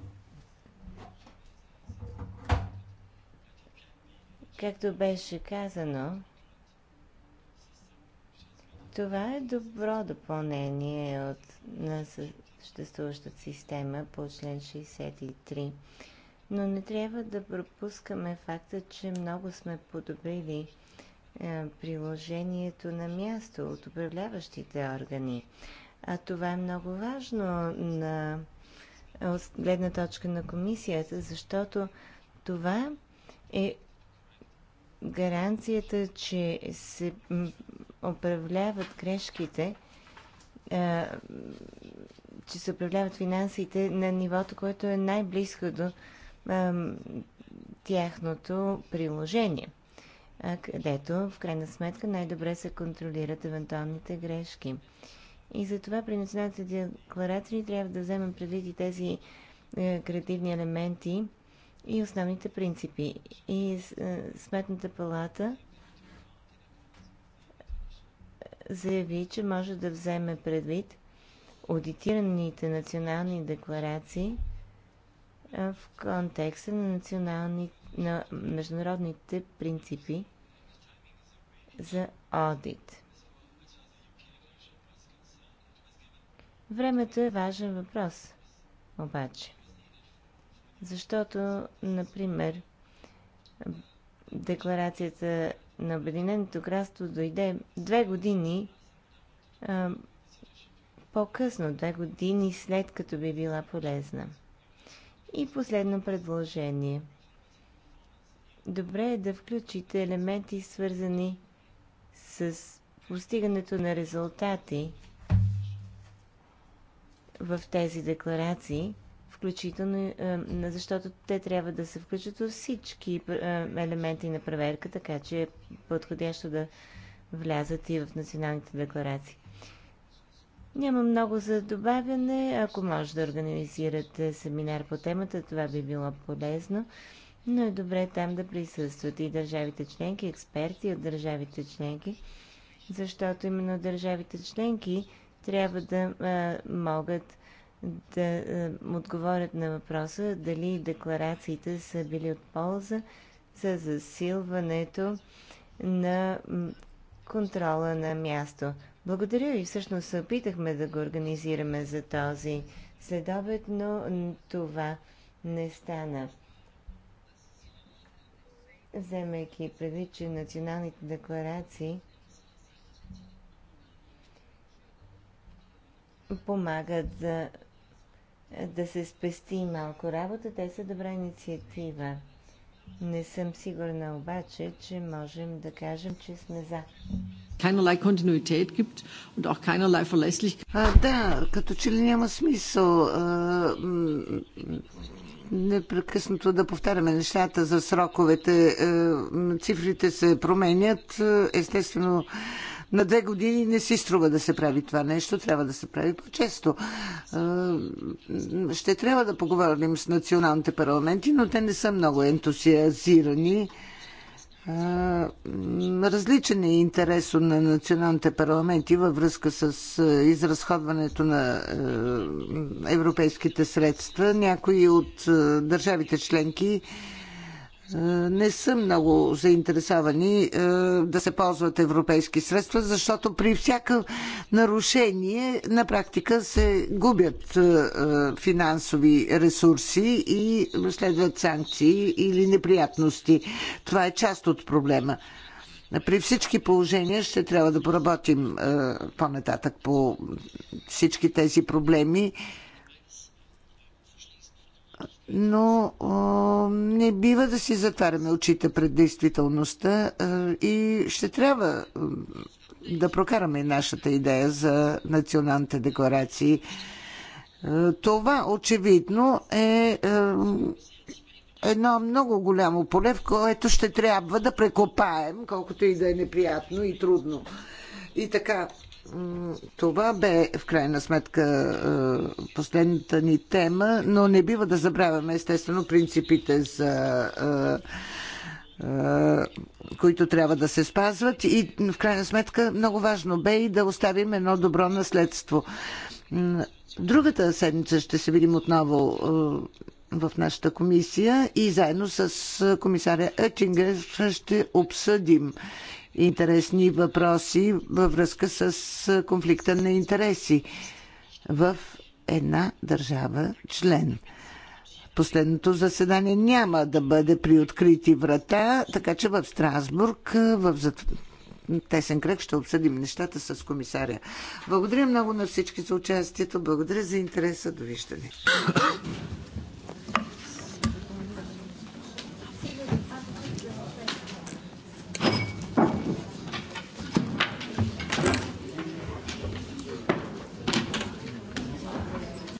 Както беше казано, това е добро допълнение от на съществуващата система по член 63 но не трябва да пропускаме факта, че много сме подобрили е, приложението на място от управляващите органи. А това е много важно на от гледна точка на комисията, защото това е гаранцията, че се управляват грешките, е, че се управляват финансите на нивото, което е най-близко до тяхното приложение, където в крайна сметка най-добре се контролират евентуалните грешки. И затова при националните декларации трябва да вземем предвид и тези е, креативни елементи и основните принципи. И е, Сметната палата е, заяви, че може да вземе предвид аудитираните национални декларации – в контекста на, национални, на международните принципи за одит. Времето е важен въпрос, обаче. Защото, например, декларацията на Обединеното кралство дойде две години по-късно, две години след като би била полезна. И последно предложение. Добре е да включите елементи, свързани с постигането на резултати в тези декларации, включително, е, защото те трябва да се включат във всички е, елементи на проверка, така че е подходящо да влязат и в националните декларации. Няма много за добавяне. Ако може да организирате семинар по темата, това би било полезно. Но е добре там да присъстват и държавите членки, експерти от държавите членки, защото именно държавите членки трябва да а, могат да а, отговорят на въпроса дали декларациите са били от полза за засилването на контрола на място. Благодаря и всъщност се опитахме да го организираме за този следобед, но това не стана. Вземайки предвид, че националните декларации помагат да, да се спести малко работа, те са добра инициатива. Не съм сигурна обаче, че можем да кажем, че сме за keinerlei Kontinuität gibt und auch keinerlei Verlässlichkeit. Да, като че ли няма смисъл непрекъснато да повтаряме нещата за сроковете. Цифрите се променят. Естествено, на две години не си струва да се прави това нещо, трябва да се прави по-често. Ще трябва да поговорим с националните парламенти, но те не са много ентусиазирани Различен е интерес на националните парламенти във връзка с изразходването на европейските средства. Някои от държавите членки е, не са много заинтересовани е, да се ползват европейски средства, защото при всяко нарушение на практика се губят е, финансови ресурси и следват санкции или неприятности. Това е част от проблема. При всички положения ще трябва да поработим по-нататък по всички тези проблеми но не бива да си затваряме очите пред действителността и ще трябва да прокараме нашата идея за националните декларации. Това очевидно е едно много голямо поле, в което ще трябва да прекопаем, колкото и да е неприятно и трудно. И така, това бе в крайна сметка е, последната ни тема, но не бива да забравяме естествено принципите за е, е, които трябва да се спазват и в крайна сметка много важно бе и да оставим едно добро наследство. Другата седмица ще се видим отново в нашата комисия и заедно с комисаря Етингер ще обсъдим интересни въпроси във връзка с конфликта на интереси в една държава член. Последното заседание няма да бъде при открити врата, така че в Страсбург, в тесен кръг ще обсъдим нещата с комисаря. Благодаря много на всички за участието, благодаря за интереса, довиждане.